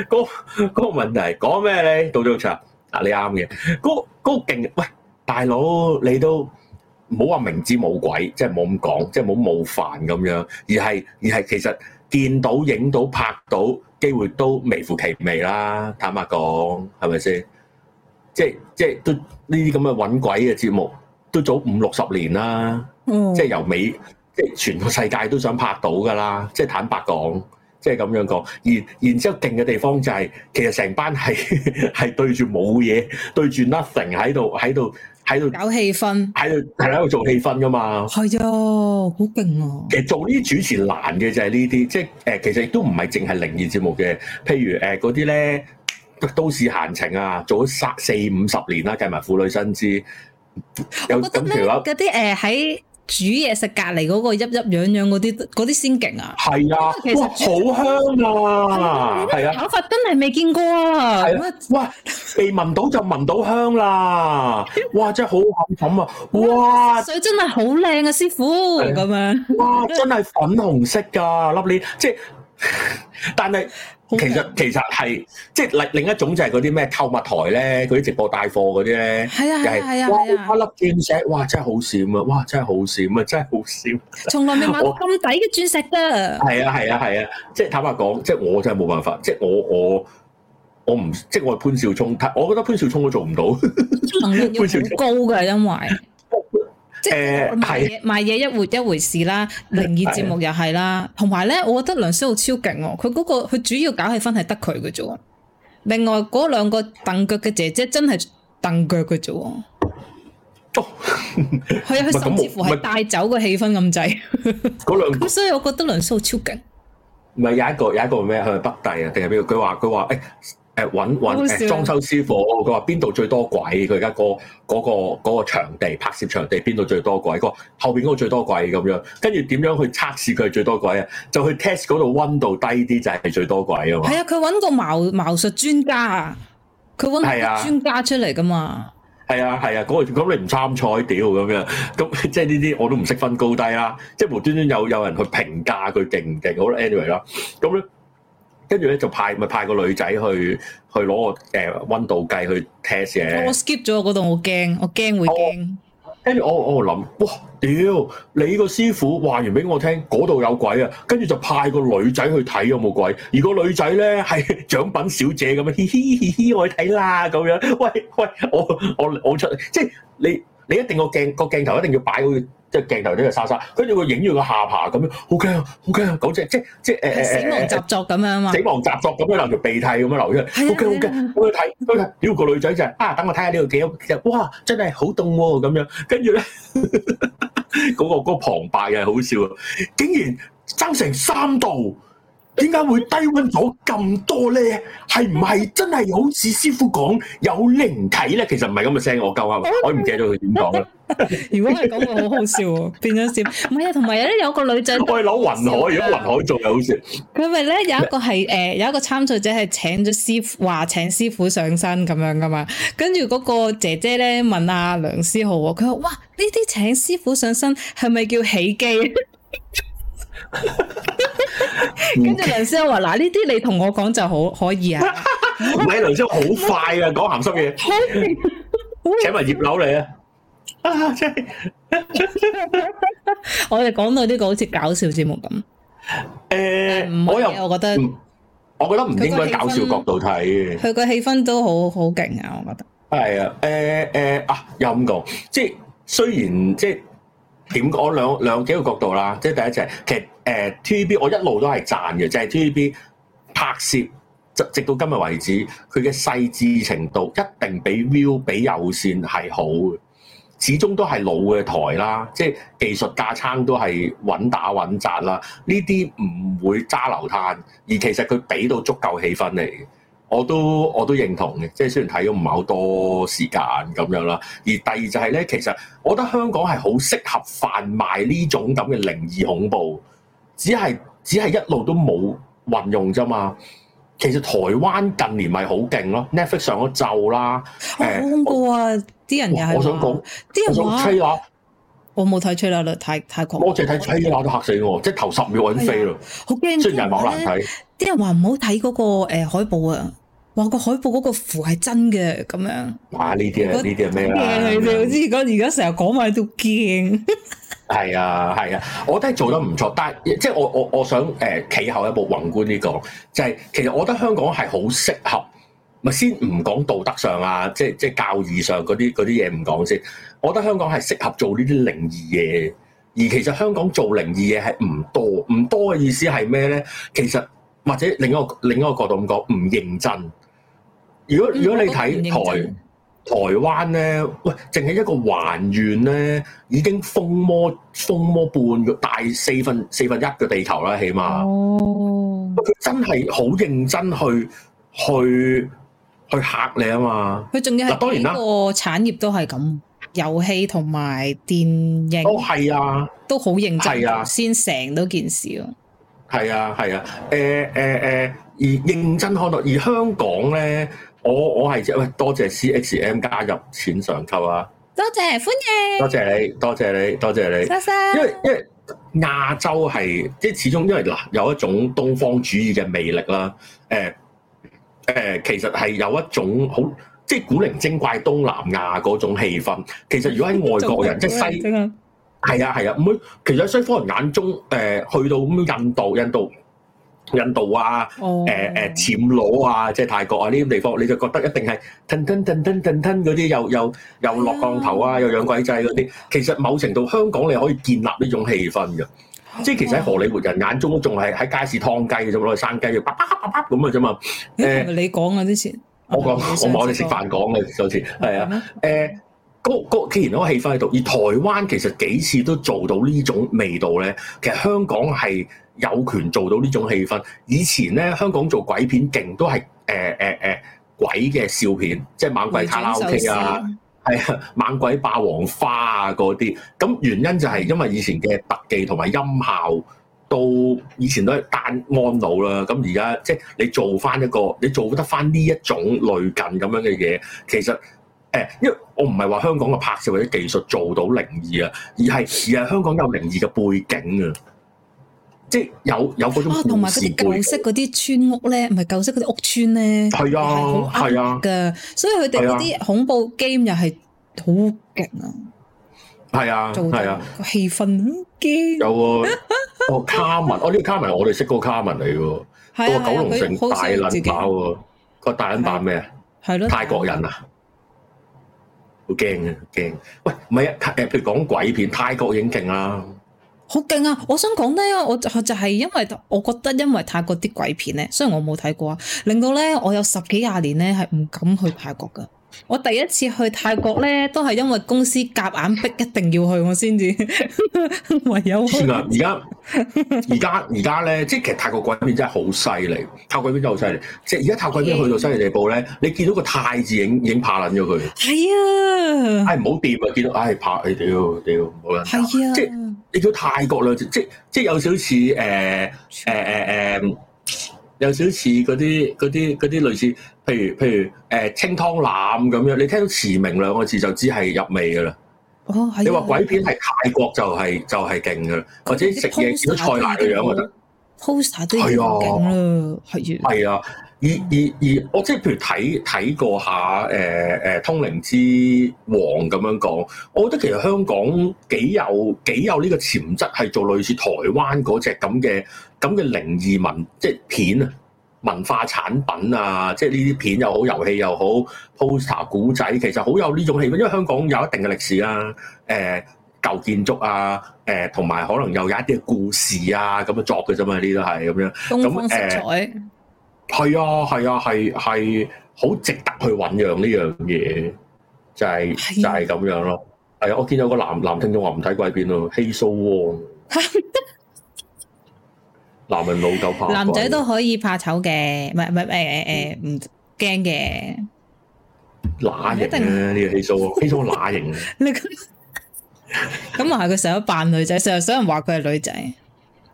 嗰嗰個問題講咩咧？到咗，嗱，你啱嘅，嗰嗰個勁，喂，大佬，你都唔好話明知冇鬼，即係冇咁講，即係冇冒犯咁樣，而係而係其實見到影到拍到。機會都微乎其微啦，坦白講，係咪先？即係，即係都呢啲咁嘅揾鬼嘅節目，都早五六十年啦。嗯，即係由美，即係全個世界都想拍到噶啦。即係坦白講，即係咁樣講，然然之後勁嘅地方就係，其實成班係係， 對住冇嘢，對住 nothing 喺度喺度。喺度搞氣氛，喺度係喺度做氣氛㗎嘛，係啊，好勁啊！其實做呢啲主持難嘅就係呢啲，即係誒、呃，其實亦都唔係淨係靈異節目嘅，譬如誒嗰啲咧都市閒情啊，做咗三四五十年啦，啊，計埋婦女新姿，有咁橋啦，嗰啲誒喺。煮嘢食隔離嗰個一樣攘攘嗰啲，嗰啲先勁啊！係啊哇其實，哇，好香啊！係啊，啊的頭髮真係未見過啊！係咩、啊啊？哇，未聞到就聞到香啦！ 哇，真係好口冚啊！ 哇，水真係好靚啊！師傅咁、啊、樣，哇，真係粉紅色噶粒蓮，即係 但係其實、okay。其實係即係另另一種就係嗰啲咩購物台咧，嗰啲直播帶貨嗰啲咧，係啊係、就是、啊係啊，是啊哇，哇一粒鑽石哇真係好閃啊，哇真係好閃啊，真係好閃，從來未買咁抵嘅鑽石噶，係啊係啊係啊，即係、啊啊啊啊啊、坦白講，即、就、係、是、我真係冇辦法，即、就、係、是、我我我唔，即、就、係、是、我潘少聰，我覺得潘少聰都做唔到，能 力要高噶，因為。即係賣嘢，賣嘢一回一回事啦。靈異節目又係啦。同埋咧，我覺得梁思浩超勁喎。佢嗰個佢主要搞氣氛係得佢嘅啫。另外嗰兩個蹬腳嘅姐姐真係蹬腳嘅啫。哦，佢佢甚至乎係帶走個氣氛咁滯。嗰兩咁，所以我覺得梁思浩超勁。唔係有一個有一個咩？係北帝啊，定係邊個？佢話佢話誒。誒揾揾誒裝修師傅，佢話邊度最多鬼？佢而家嗰嗰個嗰個嗰個嗰個場地拍攝場地邊度最多鬼？佢話後邊個最多鬼咁樣，跟住點樣去測試佢係最多鬼啊？就去 test 嗰度溫度低啲就係最多鬼啊嘛！係啊，佢揾個茅茅術專家啊，佢揾專家出嚟㗎嘛？係啊係啊，嗰個咁你唔參賽屌咁樣，咁即係呢啲我都唔識分高低啦，即係無端端有有人去評價佢勁唔勁，好啦，Anyway 啦，咁咧。跟住咧就派咪派個女仔去去攞個誒温度計去 test 嘅。我 skip 咗嗰度，我驚，我驚會驚。跟住我喺度諗，哇！屌你個師傅話完俾我聽，嗰度有鬼啊！跟住就派個女仔去睇有冇鬼，而個女仔咧係獎品小姐咁樣，嘻嘻嘻嘻，我去睇啦咁樣。喂喂，我我我出嚟即係你。你一定個鏡個鏡頭一定要擺好，即係鏡頭呢要、這個、沙沙，跟住佢影住個下巴，咁樣。好驚啊，好驚啊，嗰隻即即誒誒、呃、死亡習作咁樣嘛，死亡習作咁樣留條鼻涕咁樣流出嚟。OK OK，、啊啊啊、我去睇，去睇，屌、這個女仔就係、是、啊，等我睇下呢個幾、就是，其實哇，真係好凍喎咁樣。跟住咧，嗰、 那個嗰、那個旁白又係好笑啊，竟然爭成三度。點解會低温咗咁多咧？係唔係真係好似師傅講有靈體咧？其實唔係咁嘅聲，我夠啱。我唔記得咗佢點講。如果係講嘅，好好笑喎！變咗笑，唔係啊，同埋咧有個女仔，我係攞雲海，如果雲海做又好笑。佢咪咧有一個係誒、呃、有一個參賽者係請咗師傅話請師傅上身咁樣噶嘛？跟住嗰個姐姐咧問阿梁思浩，佢話：哇呢啲請師傅上身係咪叫起機？ 跟住梁思浩話：嗱，呢啲你同我講就好可以啊！唔係梁思浩好快啊，講鹹濕嘢，請埋葉柳嚟啊！啊，即係我哋講到呢個好似搞笑節目咁。誒，我又我覺得，我覺得唔應該搞笑角度睇。佢個氣氛都好好勁啊！我覺得係啊。誒誒啊，陰個，即係雖然即係點講兩兩幾個角度啦，即係第一就係其實。誒、uh, T.V.B. 我一路都係讚嘅，即係、是、T.V.B. 拍攝，直到今日為止，佢嘅細緻程度一定比 View 比有線係好嘅。始終都係老嘅台啦，即係技術架撐都係穩打穩紮啦。呢啲唔會揸流攤，而其實佢俾到足夠氣氛嚟，我都我都認同嘅。即係雖然睇咗唔係好多時間咁樣啦。而第二就係咧，其實我覺得香港係好適合販賣呢種咁嘅靈異恐怖只係只係一路都冇運用啫嘛，其實台灣近年咪好勁咯，Netflix 上咗咒啦，誒、哦、好、欸、恐怖啊！啲人又係我想講，啲人吹話我冇睇《咒》嘞，太太狂！我淨係睇《咒》都嚇死我，即頭十秒我已經飛咯，好驚、啊！啲人話睇、難睇。啲人話唔好睇嗰個海報啊，話個海報嗰個符係真嘅咁樣。哇！呢啲啊，呢啲係咩啊？你哋而家而家成日講埋都驚。啊 係啊，係啊，我覺得做得唔錯，但係即係我我我想誒、呃、企後一步，宏觀呢、這個就係、是、其實我覺得香港係好適合，咪先唔講道德上啊，即係即係教義上嗰啲啲嘢唔講先。我覺得香港係適合做呢啲靈異嘢，而其實香港做靈異嘢係唔多，唔多嘅意思係咩咧？其實或者另一個另一個角度咁講，唔認真。如果如果你睇台。台灣咧，喂，淨係一個還原咧，已經風魔風魔半個大四分四分一嘅地球啦，起碼。哦。佢真係好認真去去去嚇你啊嘛！佢仲要係當然啦，個產業都係咁，遊戲同埋電影。哦，係啊。都好認真先成到件事咯。係啊，係啊，係啊、欸欸欸，而認真看待而香港咧。我我係即喂，多謝 C X M 加入錢上級啊！多謝，歡迎，多謝你，多謝你，多謝你，多謝。因為因為亞洲係即係始終因為嗱有一種東方主義嘅魅力啦，誒、呃、誒、呃、其實係有一種好即係古靈精怪東南亞嗰種氣氛。其實如果喺外國人即係、就是、西係啊係啊唔會、啊，其實喺西方人眼中誒、呃、去到咁印度印度。印度印度啊，誒誒暹羅啊，即係泰國啊，呢、oh. 啲地方你就覺得一定係騰騰騰騰騰騰嗰啲又又又落降頭啊，yeah. 又養鬼仔嗰啲。其實某程度香港你可以建立呢種氣氛㗎，即係其實喺荷里活人、oh. 眼中仲係喺街市㓥雞嘅啫，攞嚟生雞嘅，啪啪啪啪咁啊啫嘛。誒、欸欸、你講，你講啊？之前我講，我我哋食飯講嘅上次係啊誒。個既然有個氣氛喺度，而台灣其實幾次都做到呢種味道咧。其實香港係有權做到呢種氣氛。以前咧，香港做鬼片勁都係誒誒誒鬼嘅笑片，即係猛鬼卡拉 OK 啊，係啊，猛鬼霸王花啊嗰啲。咁原因就係因為以前嘅特技同埋音效都以前都係單安老啦。咁而家即係你做翻一個，你做得翻呢一種類近咁樣嘅嘢，其實。因為我唔係話香港嘅拍攝或者技術做到靈異啊，而係而係香港有靈異嘅背景,背景啊，即係有有嗰種故事背景同埋嗰啲舊式嗰啲村屋咧，唔係舊式嗰啲屋村咧，係啊係啊嘅，所以佢哋嗰啲恐怖 game 又係好勁啊，係啊係啊，氣、啊、氛驚有個 哦卡文哦呢、這個卡文我哋識個卡文嚟噶，個九龍城大捻把喎，個大捻把咩啊？係咯、啊，泰國人啊！好驚啊，驚！喂，唔係啊，誒，譬如講鬼片，泰國已經勁啦，好勁啊！我想講咧，我就就是、係因為我覺得，因為泰國啲鬼片咧，雖然我冇睇過啊，令到咧我有十幾廿年咧係唔敢去泰國噶。我第一次去泰國咧，都係因為公司夾硬，硬逼一定要去，我先至 唯有知現在。算 啦，而家而家而家咧，即係其實泰國鬼片真係好犀利，泰國鬼片真係好犀利。即係而家泰國鬼片去到犀利地步咧，yeah. 你見到個泰字影影拍撚咗佢。係啊。唉、yeah. 哎，唔好掂啊！見到唉拍、哎 yeah. 你屌屌，冇人。係啊。即係你叫泰國啦，即係即係有少少似誒誒誒誒，有少少似嗰啲嗰啲嗰啲類似。譬如譬如誒、呃、清湯腩咁樣，你聽到「馳名」兩個字就知係入味㗎啦。哦，啊、你話鬼片係泰國就係、是、就係勁嘅，或者食嘢煮菜嚟嘅樣、啊，我覺得。poser 都要好勁啦，係啊。而而而我即係譬如睇睇過下、欸、《通靈之王》咁樣講，我覺得其實香港幾有幾有呢個潛質係做類似台灣嗰隻咁嘅咁嘅靈異文即係片啊。文化產品啊，即係呢啲片又好，遊戲又好，poster 古仔，其實好有呢種氣氛，因為香港有一定嘅歷史啊，誒、欸，舊建築啊，誒、欸，同埋可能又有一啲嘅故事啊咁樣作嘅啫嘛，呢啲都係咁樣。咁誒，係、欸、啊，係啊，係係好值得去醖釀呢樣嘢，就係、是、就係、是、咁樣咯。係、哎、啊，我見到個男男聽眾話唔睇鬼片咯，稀疏喎。 男人老狗怕，男仔都可以、嗯哎哎哎、怕醜嘅，唔唔唔誒誒，唔驚嘅乸型啊！呢個氣數係數乸型啊！ 你咁咁，話係佢成日扮女仔，成日想人話佢係女仔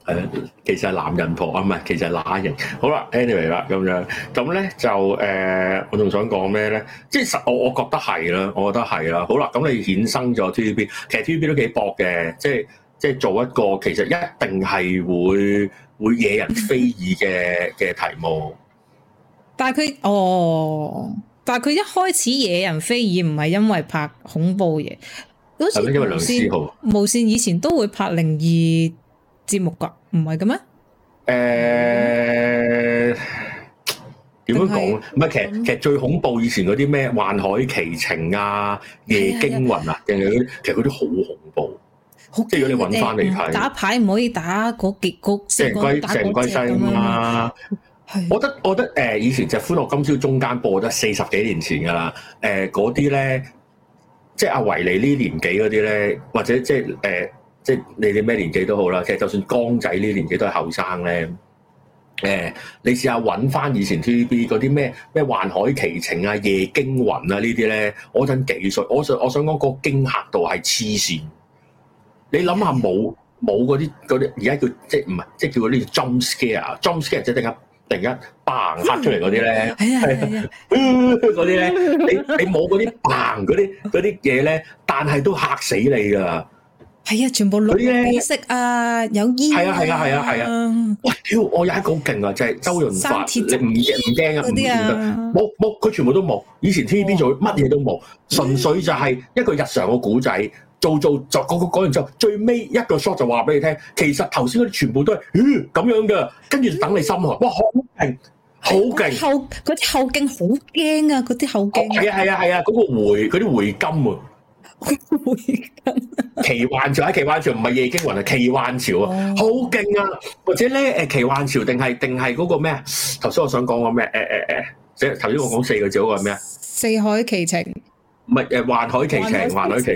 係啊。其實係男人婆啊，唔係其實係乸型。好啦，anyway 啦，咁樣咁咧就誒、呃，我仲想講咩咧？即係實我我覺得係啦，我覺得係啦。好啦，咁你衍生咗 T V B，其實 T V B 都幾薄嘅，即係即係做一個，其實一定係會。會惹人非議嘅嘅題目， 但係佢，哦，但係佢一開始惹人非議唔係因為拍恐怖嘢，首先因為梁思浩無綫以前都會拍靈異節目噶，唔係嘅咩？誒、呃，點樣講？唔係其實其實最恐怖以前嗰啲咩《幻海奇情》啊，夜啊《夜驚魂》啊，其實啲其實嗰啲好恐怖。好，即係你搵翻嚟睇打牌唔可以打嗰結局，成規成規西噶嘛。係，我覺得我覺得誒、呃，以前就是、歡樂今宵中間播得四十幾年前噶啦。誒、呃，嗰啲咧，即係阿維你呢年紀嗰啲咧，或者即係誒，即係、呃、你哋咩年紀都好啦。其實就算江仔呢年紀都係後生咧。誒、呃，你試下搵翻以前 TVB 嗰啲咩咩《幻海奇情》啊，夜啊《夜驚魂》啊呢啲咧，我陣幾歲？我想我想講個驚嚇度係黐線。你諗下冇冇嗰啲嗰啲而家叫即係唔係即係叫嗰啲叫 jump scare，jump scare 即係即刻突然間 bang 吓出嚟嗰啲咧，係啊係啊嗰啲咧，你你冇嗰啲嘭，嗰啲嗰啲嘢咧，但係都嚇死你噶，係啊，全部綠綠色啊，有煙係啊係啊係啊係啊，哇超我而家好勁啊，就係周潤發，你唔驚唔驚噶，冇冇佢全部都冇，以前 TVB 做乜嘢都冇，純、哦、粹就係一個日常嘅古仔。做做就講講講完之後，最尾一個 shot 就話俾你聽，其實頭先嗰啲全部都係，嗯咁樣嘅，跟住等你心寒。哇，好勁，好勁！後嗰啲後勁好驚啊，嗰啲後勁。係啊係啊係啊！嗰、哦嗰個回嗰啲回甘喎，回甘。奇幻潮啊！奇幻潮唔係夜驚魂啊！奇幻潮啊，好勁、哦、啊！或者咧，誒奇幻潮定係定係嗰個咩啊？頭先我想講個咩？誒誒誒，頭、欸、先我講四個字嗰、嗰個咩啊？四海奇情。唔係誒，幻、呃、海奇情，幻海奇情。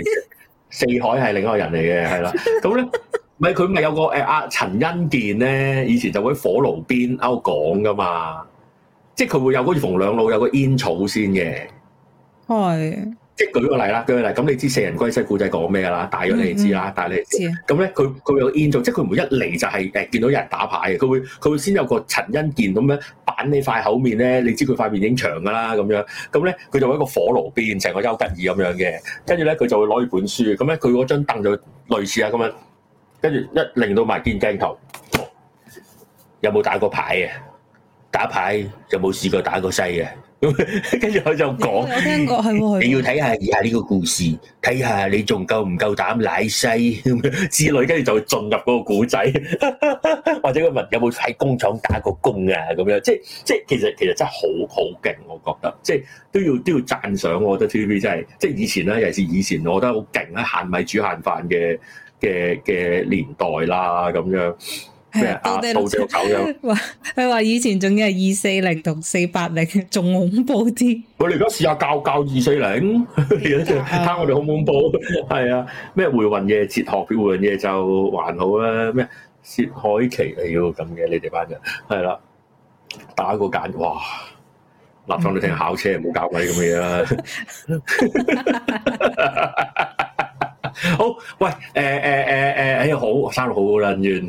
四海係另外一個人嚟嘅，係啦，咁 咧，唔係佢咪有個誒阿、呃啊、陳恩健咧，以前就會喺火爐邊喺度講㗎嘛，即係佢會有嗰逢兩老，有個煙草先嘅，係。 即係舉個例啦，舉個例，咁你知《四人歸西古仔》講咩啦？大約你哋知啦，大、嗯嗯、你哋知。咁、嗯、咧，佢、嗯、佢、嗯嗯嗯、有 in 做即係佢唔會一嚟就係誒見到有人打牌嘅，佢會佢會先有個陳欣健咁樣板你塊口面咧，你知佢塊面影長㗎啦，咁樣咁咧，佢、嗯嗯、就喺個火爐邊成個邱吉爾咁樣嘅，跟住咧佢就會攞住本書，咁咧佢嗰張凳就類似啊咁樣，跟住一令到埋見鏡頭，有冇打過牌嘅？打牌有冇試過打過西嘅？咁跟住佢就講，你要睇下以下呢個故事，睇下你仲夠唔夠膽奶西之類，跟住就進入嗰個古仔，或者佢問有冇喺工廠打過工啊？咁樣即即其實其實真係好好勁，我覺得即都要都要讚賞。我覺得 TVB 真係即以前咧，尤其是以前，我覺得好勁呀，限米煮限飯嘅嘅嘅年代啦咁樣。咩啊？兔仔狗嘅，佢 話以前仲要係二四零同四八零，仲恐怖啲。我哋而家試下教教二四零，睇下我哋好恐怖。係啊，咩回魂夜、哲學回魂夜就還好啦。咩薛凱琪嚟嘅咁嘅，你哋班人係啦， 打個簡，哇！ 立坊你聽考車，唔好教鬼咁嘢啦。好、哦，喂，誒誒誒誒，哎、欸欸、好，生得好啦，完添，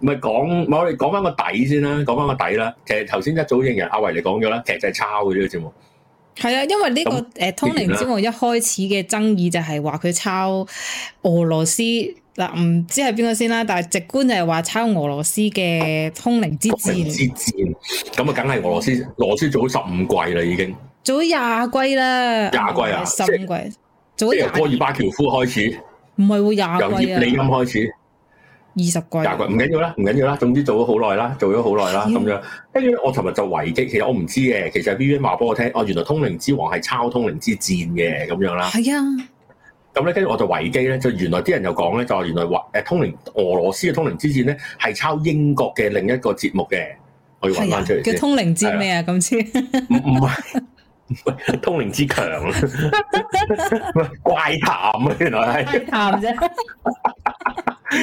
咪講，咪我哋講翻個底先啦，講翻個底啦。其實頭先一早應人阿維嚟講咗啦，其實就係抄嘅呢個節目。係啊，因為呢、這個誒、嗯、通靈之王一開始嘅爭議就係話佢抄俄羅斯嗱，唔、啊嗯、知係邊個先啦，但係直觀就係話抄俄羅斯嘅通靈之戰。通靈之戰，咁啊，梗係俄羅斯，俄羅斯做咗十五季啦，已經做咗廿季啦，廿季啊，十五季。做咗廿，即係戈爾巴喬夫開始，唔係喎廿，由葉、啊、利欽開始，二十季、啊、季，廿季唔緊要啦，唔緊要啦，總之做咗好耐啦，做咗好耐啦咁、啊、樣。跟住咧，我尋日就維基，其實我唔知嘅，其實 VVN 話畀我聽，哦，原來通靈之王係抄通靈之戰嘅咁樣啦。係啊，咁咧跟住我就維基咧，就原來啲人又講咧，就原來話誒通靈俄羅斯嘅通靈之戰咧係抄英國嘅另一個節目嘅，我要搵翻出嚟。叫通靈之咩啊？今次唔係？ 不 通靈靈之強，怪談啊！原來係談啫，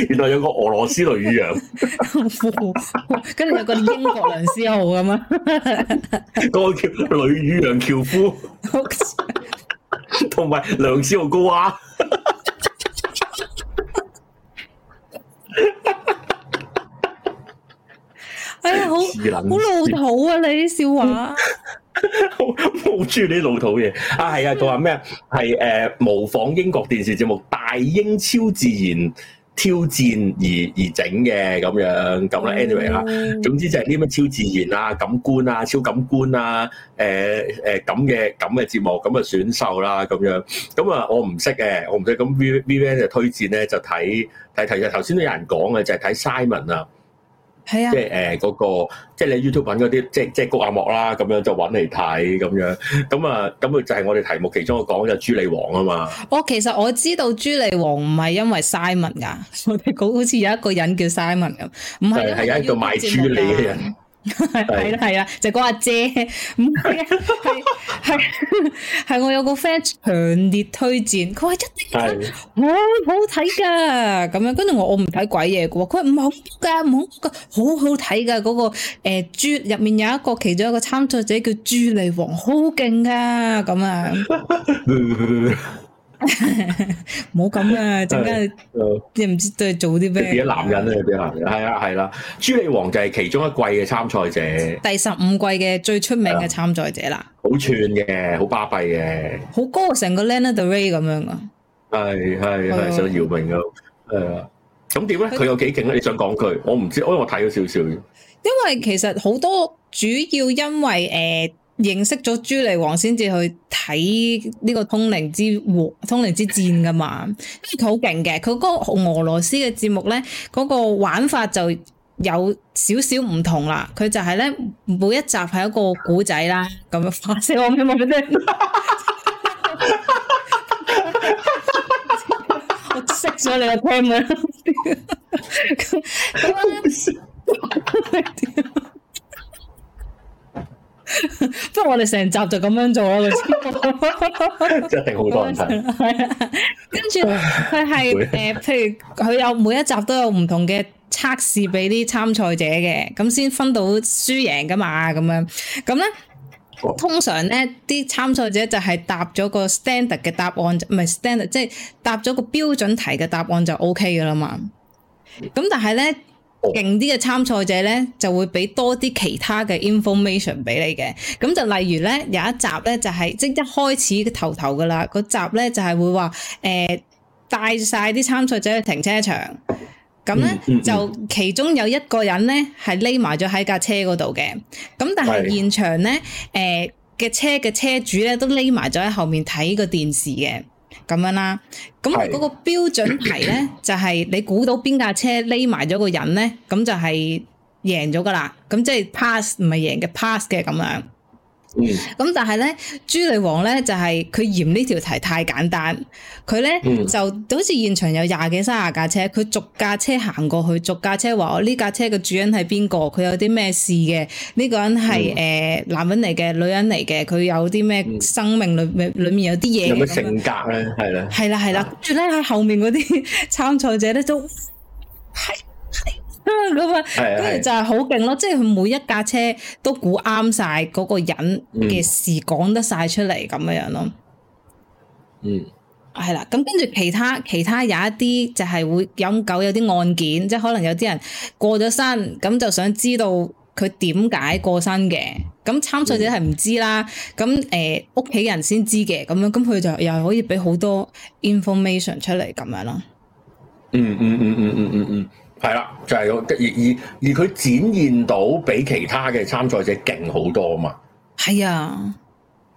原來有個俄羅斯雷宇揚，跟住有個英國梁思浩咁啊，個叫雷宇揚喬夫，同埋梁思浩高啊 ，哎呀，好好老土啊！你啲笑話。 冇住你老土嘢啊，係啊，佢話咩啊？係誒、呃，模仿英國電視節目《大英超自然挑戰》而而整嘅咁樣咁啦 Anyway 啊、嗯，總之就係啲咩超自然啊、感官啊、超感官啊、誒誒咁嘅咁嘅節目咁嘅選秀啦、啊、咁樣。咁、嗯、啊，我唔識嘅，我唔識。咁 V V N 就推薦咧，就睇，睇頭頭先都有人講嘅，就係、是、睇 Simon 啊。係啊，即係誒嗰個，即係你 YouTube 揾嗰啲，即係即係谷阿莫啦，咁樣就揾嚟睇咁樣，咁啊，咁啊就係我哋題目其中一個講就是朱莉王啊嘛。我、哦、其實我知道朱莉王唔係因為 Simon 噶， 我哋講好似有一個人叫 Simon 咁，唔係咧，係喺度賣朱莉嘅人。係啦係啦，就講阿姐，唔係係係我有個 friend 強烈推薦，佢話一定、哦、好 我我好睇噶，咁樣跟住我我唔睇鬼嘢嘅，佢話唔恐怖噶，唔恐怖噶，好好睇噶，嗰個誒朱入面有一個其中一個參賽者叫朱莉王，好勁噶咁啊。 冇咁啊，陣間你唔知做對做啲咩？變咗男人啦，啲男人，係啊，係啦。朱莉王就係其中一季嘅參賽者，第十五季嘅最出名嘅參賽者啦。好串嘅，好巴閉嘅，好高成個 Leonardo Ray 咁樣啊，係係係，想姚明咁，係啊。咁點咧？佢有幾勁咧？你想講佢？我唔知，我以為我睇咗少少。因為其實好多主要因為誒。呃認識咗朱莉王先至去睇呢個通靈之王、通靈之戰噶嘛，因為佢好勁嘅，佢嗰個俄羅斯嘅節目咧，嗰、嗰個玩法就有少少唔同啦。佢就係咧每一集係一個古仔啦，咁樣。死我聽唔明啲。我，你 我識上嚟，我聽啦。 樣呢 我哋成集就咁樣做咯，一定好多人睇。係啊，跟住佢係誒，譬如佢有每一集都有唔同嘅測試俾啲參賽者嘅，咁先分到輸贏噶嘛，咁樣咁咧，通常咧啲參賽者就係答咗個 standard 嘅答案，唔係 standard，即係答咗個標準題嘅答案就 OK 噶啦嘛。咁但係咧。勁啲嘅參賽者咧，就會俾多啲其他嘅 information 俾你嘅。咁就例如咧，有一集咧就係即係一開始嘅頭頭噶啦，嗰集咧就係會話誒帶晒啲參賽者去停車場。咁咧就其中有一個人咧係匿埋咗喺架車嗰度嘅。咁但係現場咧誒嘅車嘅車主咧都匿埋咗喺後面睇個電視嘅。咁樣啦，咁佢嗰個標準題咧就係你估到邊架車匿埋咗個人咧，咁就係贏咗噶啦，咁即係 pass 唔係贏嘅 pass 嘅咁樣。咁、嗯嗯、但係咧，朱莉王咧就係、是、佢嫌呢條題太簡單，佢咧、嗯、就好似現場有廿幾卅架車，佢逐架車行過去，逐架車話我呢架車嘅主人係邊個，佢有啲咩事嘅？呢、這個人係誒、嗯呃、男人嚟嘅、女人嚟嘅，佢有啲咩生命裏面、嗯、裏面有啲嘢，有冇性格咧？係啦，係啦，係啦，跟住咧喺後面嗰啲參賽者咧都係。咁 啊，跟住就係好勁咯，即係佢每一架車都估啱晒嗰個人嘅事，講、嗯、得晒出嚟咁樣樣咯。嗯的，係啦，咁跟住其他其他有一啲就係會飲酒有啲案件，即係可能有啲人過咗身，咁就想知道佢點解過身嘅。咁參賽者係唔知啦，咁誒屋企人先知嘅，咁樣咁佢就又可以俾好多 information 出嚟咁樣咯。嗯嗯嗯嗯嗯嗯嗯。嗯嗯嗯嗯係啦，就係、是、而而而佢展現到比其他嘅參賽者勁好多啊嘛！係啊，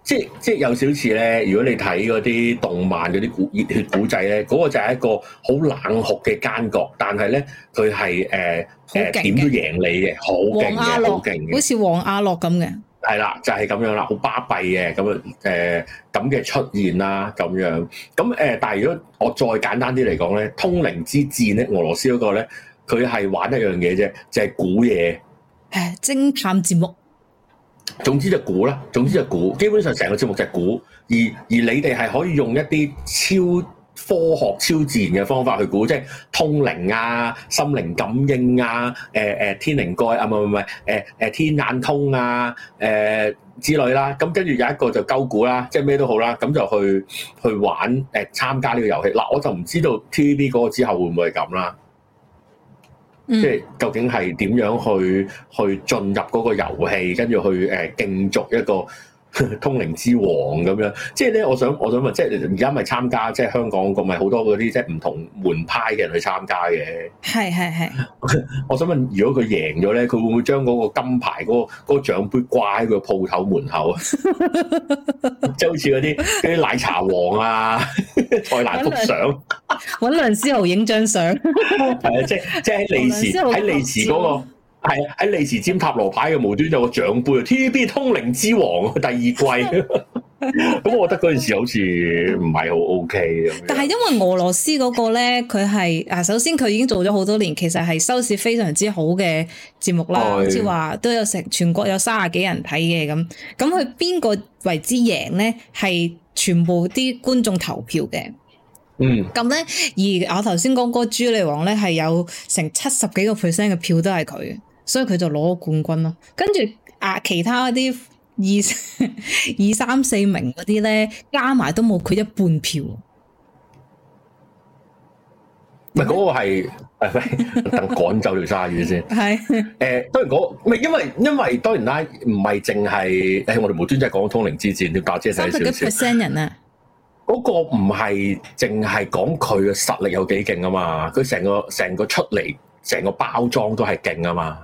即即有少少似咧，如果你睇嗰啲動漫嗰啲古熱血古仔咧，嗰、那個就係一個好冷酷嘅奸角，但係咧佢係誒點都贏你嘅，好勁嘅，好勁嘅，好似王阿諾咁嘅。係啦，就係、是、咁樣啦，好巴閉嘅咁樣誒咁嘅出現啦，咁樣咁誒。但係如果我再簡單啲嚟講咧，通靈之戰咧，俄羅斯嗰個咧。佢係玩一樣嘢啫，就係、是、估嘢。誒、啊，偵探節目。總之就估啦，總之就估。基本上成個節目就係估，而而你哋係可以用一啲超科學、超自然嘅方法去估，即係通靈啊、心靈感應啊、誒、呃、誒天靈蓋啊，唔係唔係，誒誒、呃、天眼通啊誒、呃、之類啦。咁跟住有一個就鳩估啦，即係咩都好啦，咁就去去玩誒、呃、參加呢個遊戲。嗱、啊，我就唔知道 TVB 嗰個之後會唔會係咁啦。即、嗯、究竟係點樣去去進入嗰個遊戲，跟住去誒、呃、競逐一個。通靈之王咁樣，即係咧，我想我想問，即係而家咪參加，即係香港咁咪好多嗰啲即係唔同門派嘅人去參加嘅。係係係。我想問，如果佢贏咗咧，佢會唔會將嗰個金牌，嗰個，嗰，嗰個嗰個獎盃掛喺個鋪頭門口啊？即 係好似嗰啲啲奶茶王啊，蔡瀾幅相，搵 梁思浩影張相。係啊，即係即係喺利時喺利時嗰，嗰個。係喺利是尖塔羅牌嘅無端有個長輩啊！TVB 通靈之王第二季，咁 我覺得嗰陣時好似唔係好 OK。但係因為俄羅斯嗰個咧，佢係啊，首先佢已經做咗好多年，其實係收視非常之好嘅節目啦。好似話都有成全,全國有三十幾人睇嘅咁。咁佢邊個為之贏咧？係全部啲觀眾投票嘅。嗯，咁咧，而我頭先講嗰朱莉王咧，係有成七十幾個 percent 嘅票都係佢，所以佢就攞冠軍咯。跟住啊，其他嗰啲二二三四名嗰啲咧，加埋都冇佢一半票。唔係嗰個係，咪 等趕走條鯊魚先？係 誒，當然嗰咪因為因為當然啦，唔係淨係誒，我哋冇專即係講通靈之戰，你打遮少少。percent 人啊。嗰個唔係淨係講佢嘅實力有幾勁啊嘛，佢成個成個出嚟成個包裝都係勁啊嘛，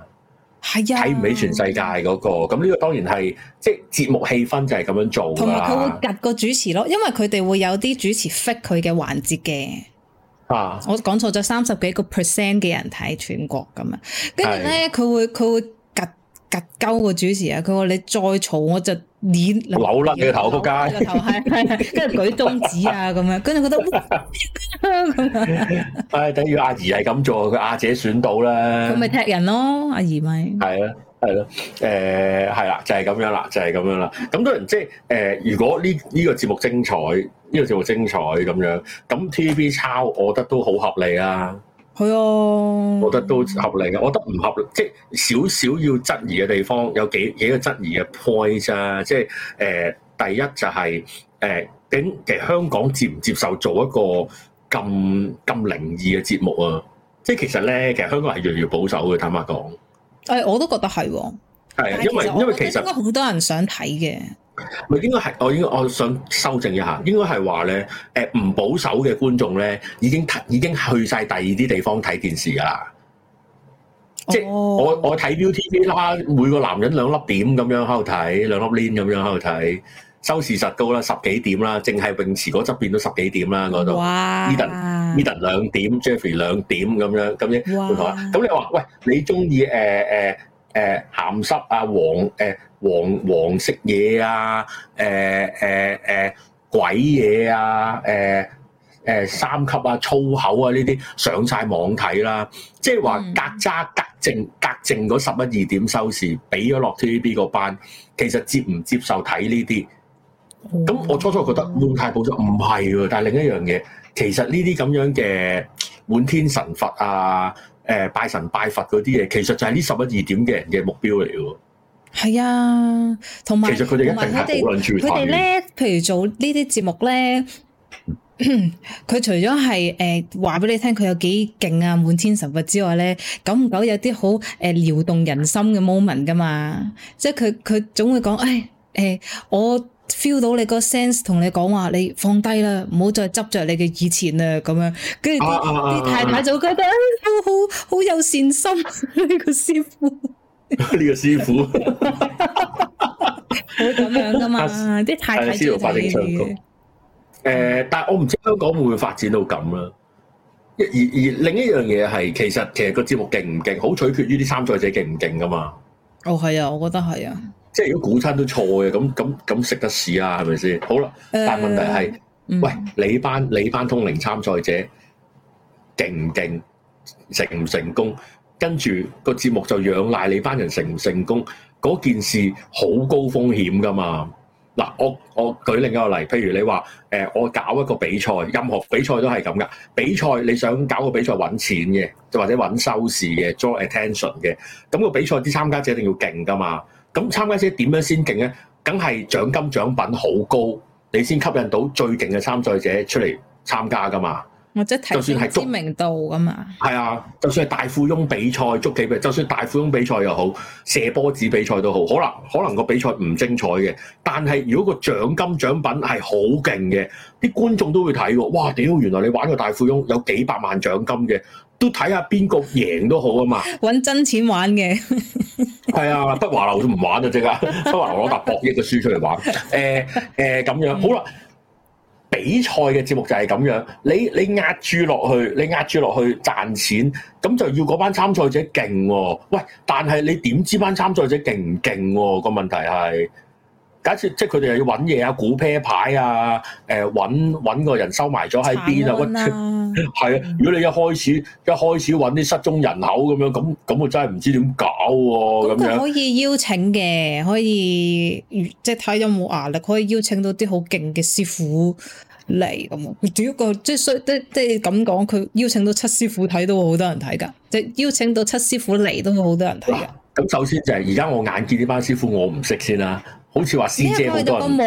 係啊，睇唔起全世界嗰個，咁呢個當然係即係節目氣氛就係咁樣做。同埋佢會夾個主持咯，因為佢哋會有啲主持 fit 佢嘅環節嘅啊，我講錯咗三十幾個 percent 嘅人睇全國咁啊，跟住咧佢會佢會夾夾鳩個主持啊，佢話你再嘈我就。扭甩你個頭，仆街，跟住 舉中指啊咁樣，跟住覺得，係、 哎、等於阿怡係咁做，佢阿姐選到啦，佢咪踢人咯，阿怡咪係咯係咯，誒係啦，就係、是、咁樣啦，就係、是、咁樣啦，咁多人即係誒、呃，如果呢呢、這個節目精彩，呢、這個節目精彩咁樣，咁 TVB 抄，我覺得都好合理啊。係啊，我覺得都合理嘅。我覺得唔合理，即係少少要質疑嘅地方有幾幾個質疑嘅 point 啫，啊。即係誒、呃，第一就係、是、誒，頂、呃、其實香港接唔接受做一個咁咁靈異嘅節目啊？即係其實咧，其實香港係越嚟越保守嘅。坦白講，誒、欸，我都覺得係、哦。係，因為因為其實，其實應該好多人想睇嘅。咪應該係我應該我想修正一下，應該係話咧，誒、呃、唔保守嘅觀眾咧，已經已經去晒第二啲地方睇電視啦。即係、oh. 我我睇 ViuTV 啦，每個男人兩粒點咁樣喺度睇，兩粒 link 咁樣喺度睇，收視實高啦，十幾點啦，淨係泳池嗰側變到十幾點啦嗰度。哇、wow.！Eden Eden 兩點，Jeffrey 兩點咁樣咁樣。咁、wow. 你話喂，你中意誒誒？呃呃誒鹹濕啊，呃、黃，黃色嘢啊，誒誒鬼嘢啊、呃，呃、三級啊，粗口啊，呢啲上晒網睇啦。即係話格渣格正格正嗰十一二點收視，畀咗落 T V B 個班，其實接唔接受睇呢啲？咁我初初覺得滿太保咗唔係喎。但係另一樣嘢，其實呢啲咁樣嘅滿天神佛啊～誒，拜神拜佛嗰啲嘢，其實就係呢十一二點嘅人嘅目標嚟嘅。係啊，同埋其實佢哋一定係討論住。佢哋咧，譬如做節呢啲節目咧，佢 除咗係誒話俾你聽佢有幾勁啊，滿天神佛之外咧，久唔久有啲好誒撩動人心嘅 moment 噶嘛，即係佢佢總會講，誒、哎、誒、呃、我。feel 到你個 sense 同你講話，你放低啦，唔好再執着你嘅以前啦，咁樣，跟住啲啲太太就覺得，啊、好好好有善心呢、啊、 個師傅，呢個師傅，好咁樣噶嘛，啲、啊、太太就咁樣。誒、啊呃，但係我唔知香港會唔會發展到咁啦。而而另一樣嘢係，其實其實個節目勁唔勁，好取決於啲參賽者勁唔勁噶嘛。哦，係啊，我覺得係啊。即係如果估親都錯嘅，咁咁咁食得屎啊，係咪先？好啦，但係問題係，uh, um, 喂你班你班通靈參賽者勁唔勁成唔成功？跟住個節目就仰賴你班人成唔成功。嗰件事好高風險噶嘛嗱。我我舉另一個例，譬如你話誒、呃，我搞一個比賽，任何比賽都係咁噶。比賽你想搞個比賽揾錢嘅，就或者揾收視嘅，draw attention 嘅，咁、個比賽啲參加者一定要勁噶嘛。咁參加者點樣先勁呢？梗係獎金獎品好高，你先吸引到最勁嘅參賽者出嚟參加㗎嘛。或者，就算係知名度㗎嘛，係啊，就算係大富翁比賽捉棋個比，就算大富翁比賽又好，射波子比賽都好。可能可能個比賽唔精彩嘅，但係如果個獎金獎品係好勁嘅，啲觀眾都會睇㗎。哇！屌，原來你玩個大富翁有幾百萬獎金嘅。都睇下邊個贏都好啊嘛，揾真錢玩嘅，係 啊，德華樓都唔玩啊，即刻德華樓攞沓博益嘅輸出嚟玩，誒誒咁樣，好啦，比賽嘅節目就係咁樣，你你壓住落去，你壓住落去賺錢，咁就要嗰班參賽者勁喎。哦，喂，但係你點知班參賽者勁唔勁喎？個問題係。假設即係佢哋又要揾嘢啊，估啤牌啊，誒、欸，揾揾個人收埋咗喺邊啊？係啊，如果你一開始、嗯、一開始揾啲失蹤人口咁樣，咁咁我真係唔知點搞喎、啊。咁、那、樣、個、可以邀請嘅，可以即係睇有冇壓力，可以邀請到啲好勁嘅師傅嚟咁。主要個即係需即係咁講，佢、就是就是、邀請到七師傅睇都好多人睇噶，即、就、係、是、邀請到七師傅嚟都好多人睇噶。咁、啊、首先就係而家我眼見呢班師傅我唔識先啦。好似話師姐好多人，個網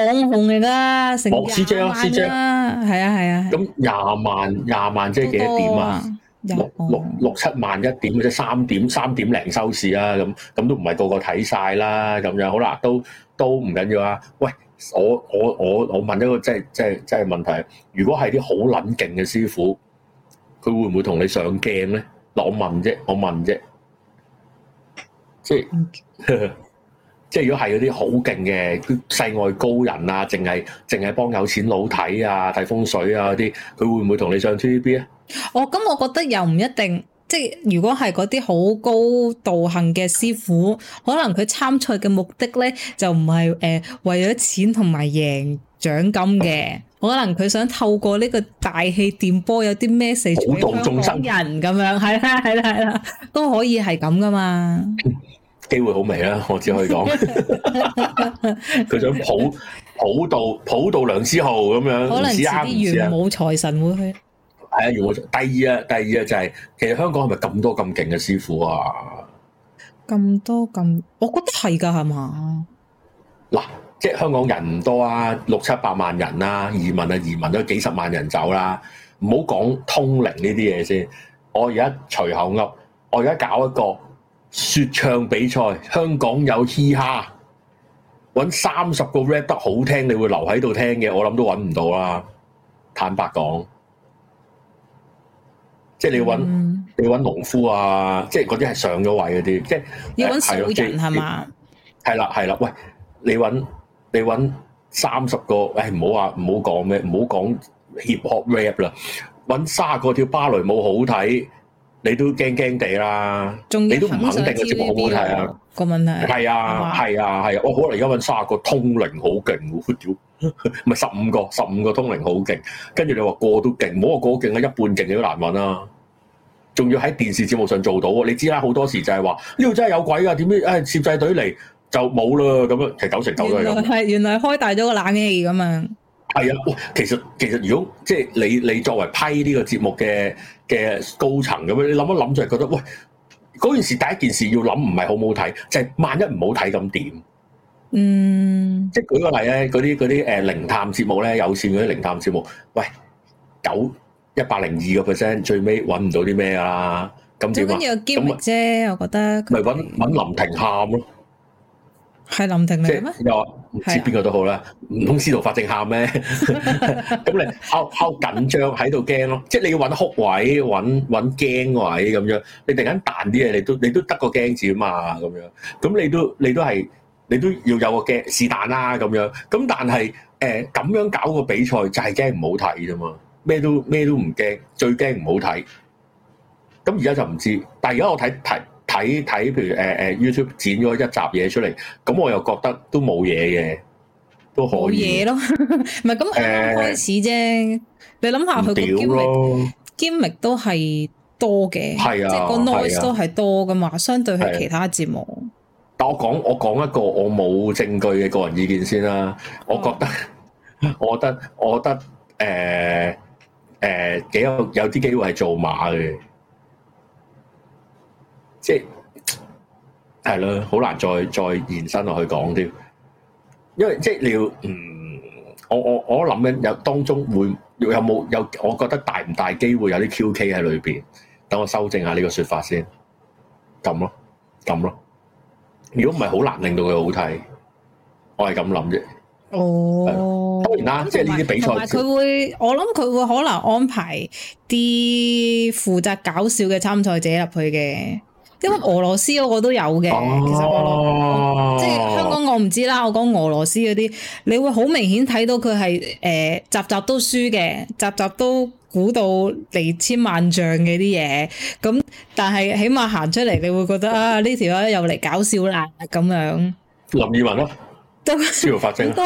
紅嚟㗎，成日都師姐，啦，係啊係啊。咁廿萬廿萬即係幾多點啊？六六六七萬一點，點，即係三點三點零收市啦，啊。咁咁都唔係個個睇晒啦。咁樣好啦，都都唔緊要緊啊。喂，我我我我問一個即係即係即係問題，如果係啲好撚勁嘅師傅，佢會唔會同你上鏡咧？我問啫，我問啫，即係。Okay. 即係如果係嗰啲好勁嘅世外高人啊，淨係淨係幫有錢佬睇啊、睇風水啊嗰啲，佢會唔會同你上 TVB 啊？我、哦、咁、嗯，我覺得又唔一定。即係如果係嗰啲好高道行嘅師傅，可能佢參賽嘅目的咧，就唔係誒為咗錢同埋贏獎金嘅、啊，可能佢想透過呢個大氣電波有啲咩事，普度眾生人咁樣，係啦，係啦，係啦，都可以係咁㗎嘛。嗯機會好微啦，我只可以講，佢 想普普到普到梁思浩咁樣，可能啱唔啱？元武財神會去，係啊，元武。第二啊，第二啊，就係，就係其實香港係咪咁多咁勁嘅師傅啊？咁多咁，我覺得係噶，係嘛？嗱、啊，即係香港人唔多啊，六七百萬人啦，移民啊，移民咗幾十萬人走啦，唔好講通靈呢啲嘢先。我而家隨口噏，我而家搞一個。說唱比賽，香港有嘻哈，揾三十個 rap 得好聽，你會留喺度聽嘅，我諗都揾唔到啦。坦白講，即係你揾、嗯、你揾農夫啊，即係嗰啲係上咗位嗰啲，即係要揾小人係嘛？係啦係啦，喂，你揾你揾三十個，誒，唔好話唔好講咩，唔好講 hip hop rap 啦，揾卅個跳芭蕾舞好睇。你都驚驚地啦，你都唔肯定個節目好唔好睇啊個問題，係啊係啊係啊，我可能而家揾卅個通靈好勁喎，唔係十五個十五個通靈好勁，跟住你話過都勁，唔好話個勁啦，一半勁你都難揾啦，仲要喺電視節目上做到，你知啦，好多時就係話呢度真係有鬼呀、啊，點知誒攝製隊嚟就冇啦，咁樣成走成走啦原，原來開大咗個冷氣咁啊！係啊，喂，其實其實如果即係你你作為批呢個節目嘅嘅高層咁樣，你諗一諗就係覺得，喂，嗰件事第一件事要諗唔係好唔好睇，就係萬一唔好睇咁點？嗯，即係舉個例咧，嗰啲嗰啲誒靈探節目咧，有綫嗰啲靈探節目，喂，九一百零二個 percent，最尾搵唔到啲咩啊？咁點啊？咁啊啫，我覺得咪搵搵林婷喊咯。係林婷嚟咩？唔、我、知邊個都好啦，唔通、啊、司徒法正喊咩？咁 你敲敲緊張喺度驚咯， 即係你要揾哭位，揾揾驚位咁樣。你突然間彈啲嘢，你都你都得個驚字啊嘛咁樣。咁你都你都係你都要有個驚，是但啦咁樣。咁但係誒咁樣搞個比賽就係驚唔好睇啫嘛。咩都咩都唔驚，最驚唔好睇。咁而家就唔知，但係而家我睇睇。睇睇，譬如、呃、YouTube 剪咗一集嘢出嚟，咁我又覺得都冇嘢嘅，都可以，冇嘢咯，唔係咁啱啱開始啫、呃。你諗下佢個 game game 都係多嘅，即係、啊即係、個 noise 都係多㗎嘛、啊。相對係其他節目。啊、但我講我講一個我冇證據嘅個人意見先啦。我覺得、oh. 我覺得我覺得誒誒、呃呃、幾有有啲機會係做馬嘅。即係咯，好難再再延伸落去講啲，因為即係你要，嗯，我我我諗緊，有當中會有冇有，有，我覺得大唔大機會有啲 QK 喺裏邊，等我修正一下呢個說法先，咁咯咁咯，如果唔係好難令到佢好睇。我係咁諗啫。哦，當然啦、啊，即係呢啲比賽，佢會，我諗佢會可能安排啲負責搞笑嘅參賽者入去嘅。因為俄羅斯嗰個都有嘅，啊，其實我、啊、即係香港我唔知啦。我講俄羅斯嗰啲，你會好明顯睇到佢係誒集集都輸嘅，集集都估到嚟千萬丈嘅啲嘢。咁但係起碼行出嚟，你會覺得啊，呢條友又嚟搞笑啦咁樣。林以文咯，呢 都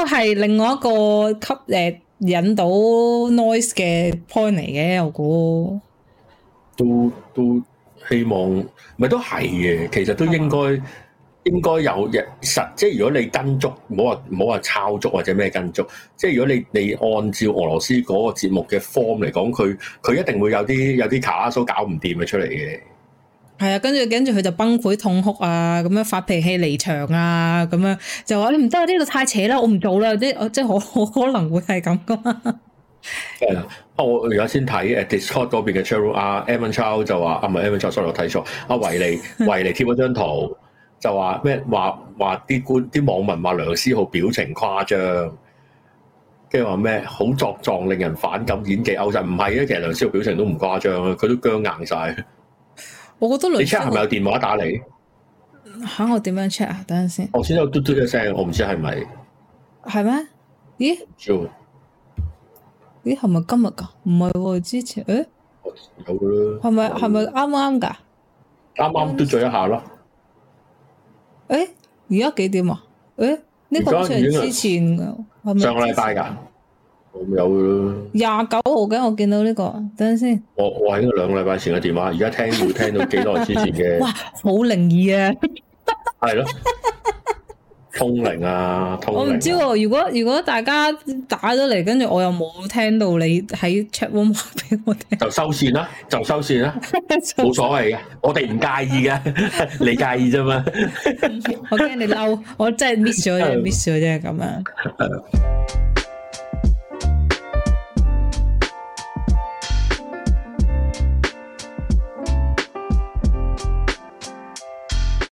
係另外一個吸引到 noise 嘅 point 嚟嘅，我估都都。都希望咪都係嘅，其實都應該應該有日實，即係如果你跟足，唔好話唔好話抄足或者咩跟足，即係如果你你按照俄羅斯嗰個節目嘅 form 嚟講，佢佢一定會有啲有啲卡拉索搞唔掂嘅出嚟嘅。係啊，跟住跟住佢就崩潰痛哭啊，咁樣發脾氣離場啊，咁樣就話你唔得呢度太扯啦，我唔做啦，即即係我可能會係咁。 係啦， uh, 我而家先睇誒 Discord 嗰邊嘅 channel 啊 Evan Chow 就話啊唔係 Evan Chow, sorry 睇錯，阿維尼維尼貼咗張圖就話咩話話啲官啲網民話梁思浩表情誇張，跟住話咩好作狀令人反感演技拗實唔係啊，其實梁思浩表情都唔誇張啊，佢都僵硬晒。我覺得你 check 係咪有電話打嚟吓？我點樣 check 啊？等陣先。我先有嘟嘟一聲，我唔知係咪係咩？咦？咦，係咪今日噶、啊？唔係喎，之前誒，有嘅啦。係咪係咪啱啱噶？啱啱都聚一下咯。誒，而家幾點啊？誒，呢個係之前嘅，係咪？上個禮拜噶，有嘅廿九號嘅，我見到呢個，等陣先。我我喺個兩個禮拜前嘅電話，而家聽會聽到幾耐之前嘅？ 哇，好靈異啊！係 咯。 通靈啊，通靈、啊！我唔知喎、啊，如果如果大家打咗嚟，跟住我又冇聽到你喺 chat room 話俾我聽就，就收線啦，就 收線啦，冇所謂嘅，我哋唔介意嘅， 你介意啫嘛？我驚你嬲，我真係 miss 咗又 miss 咗啫咁樣。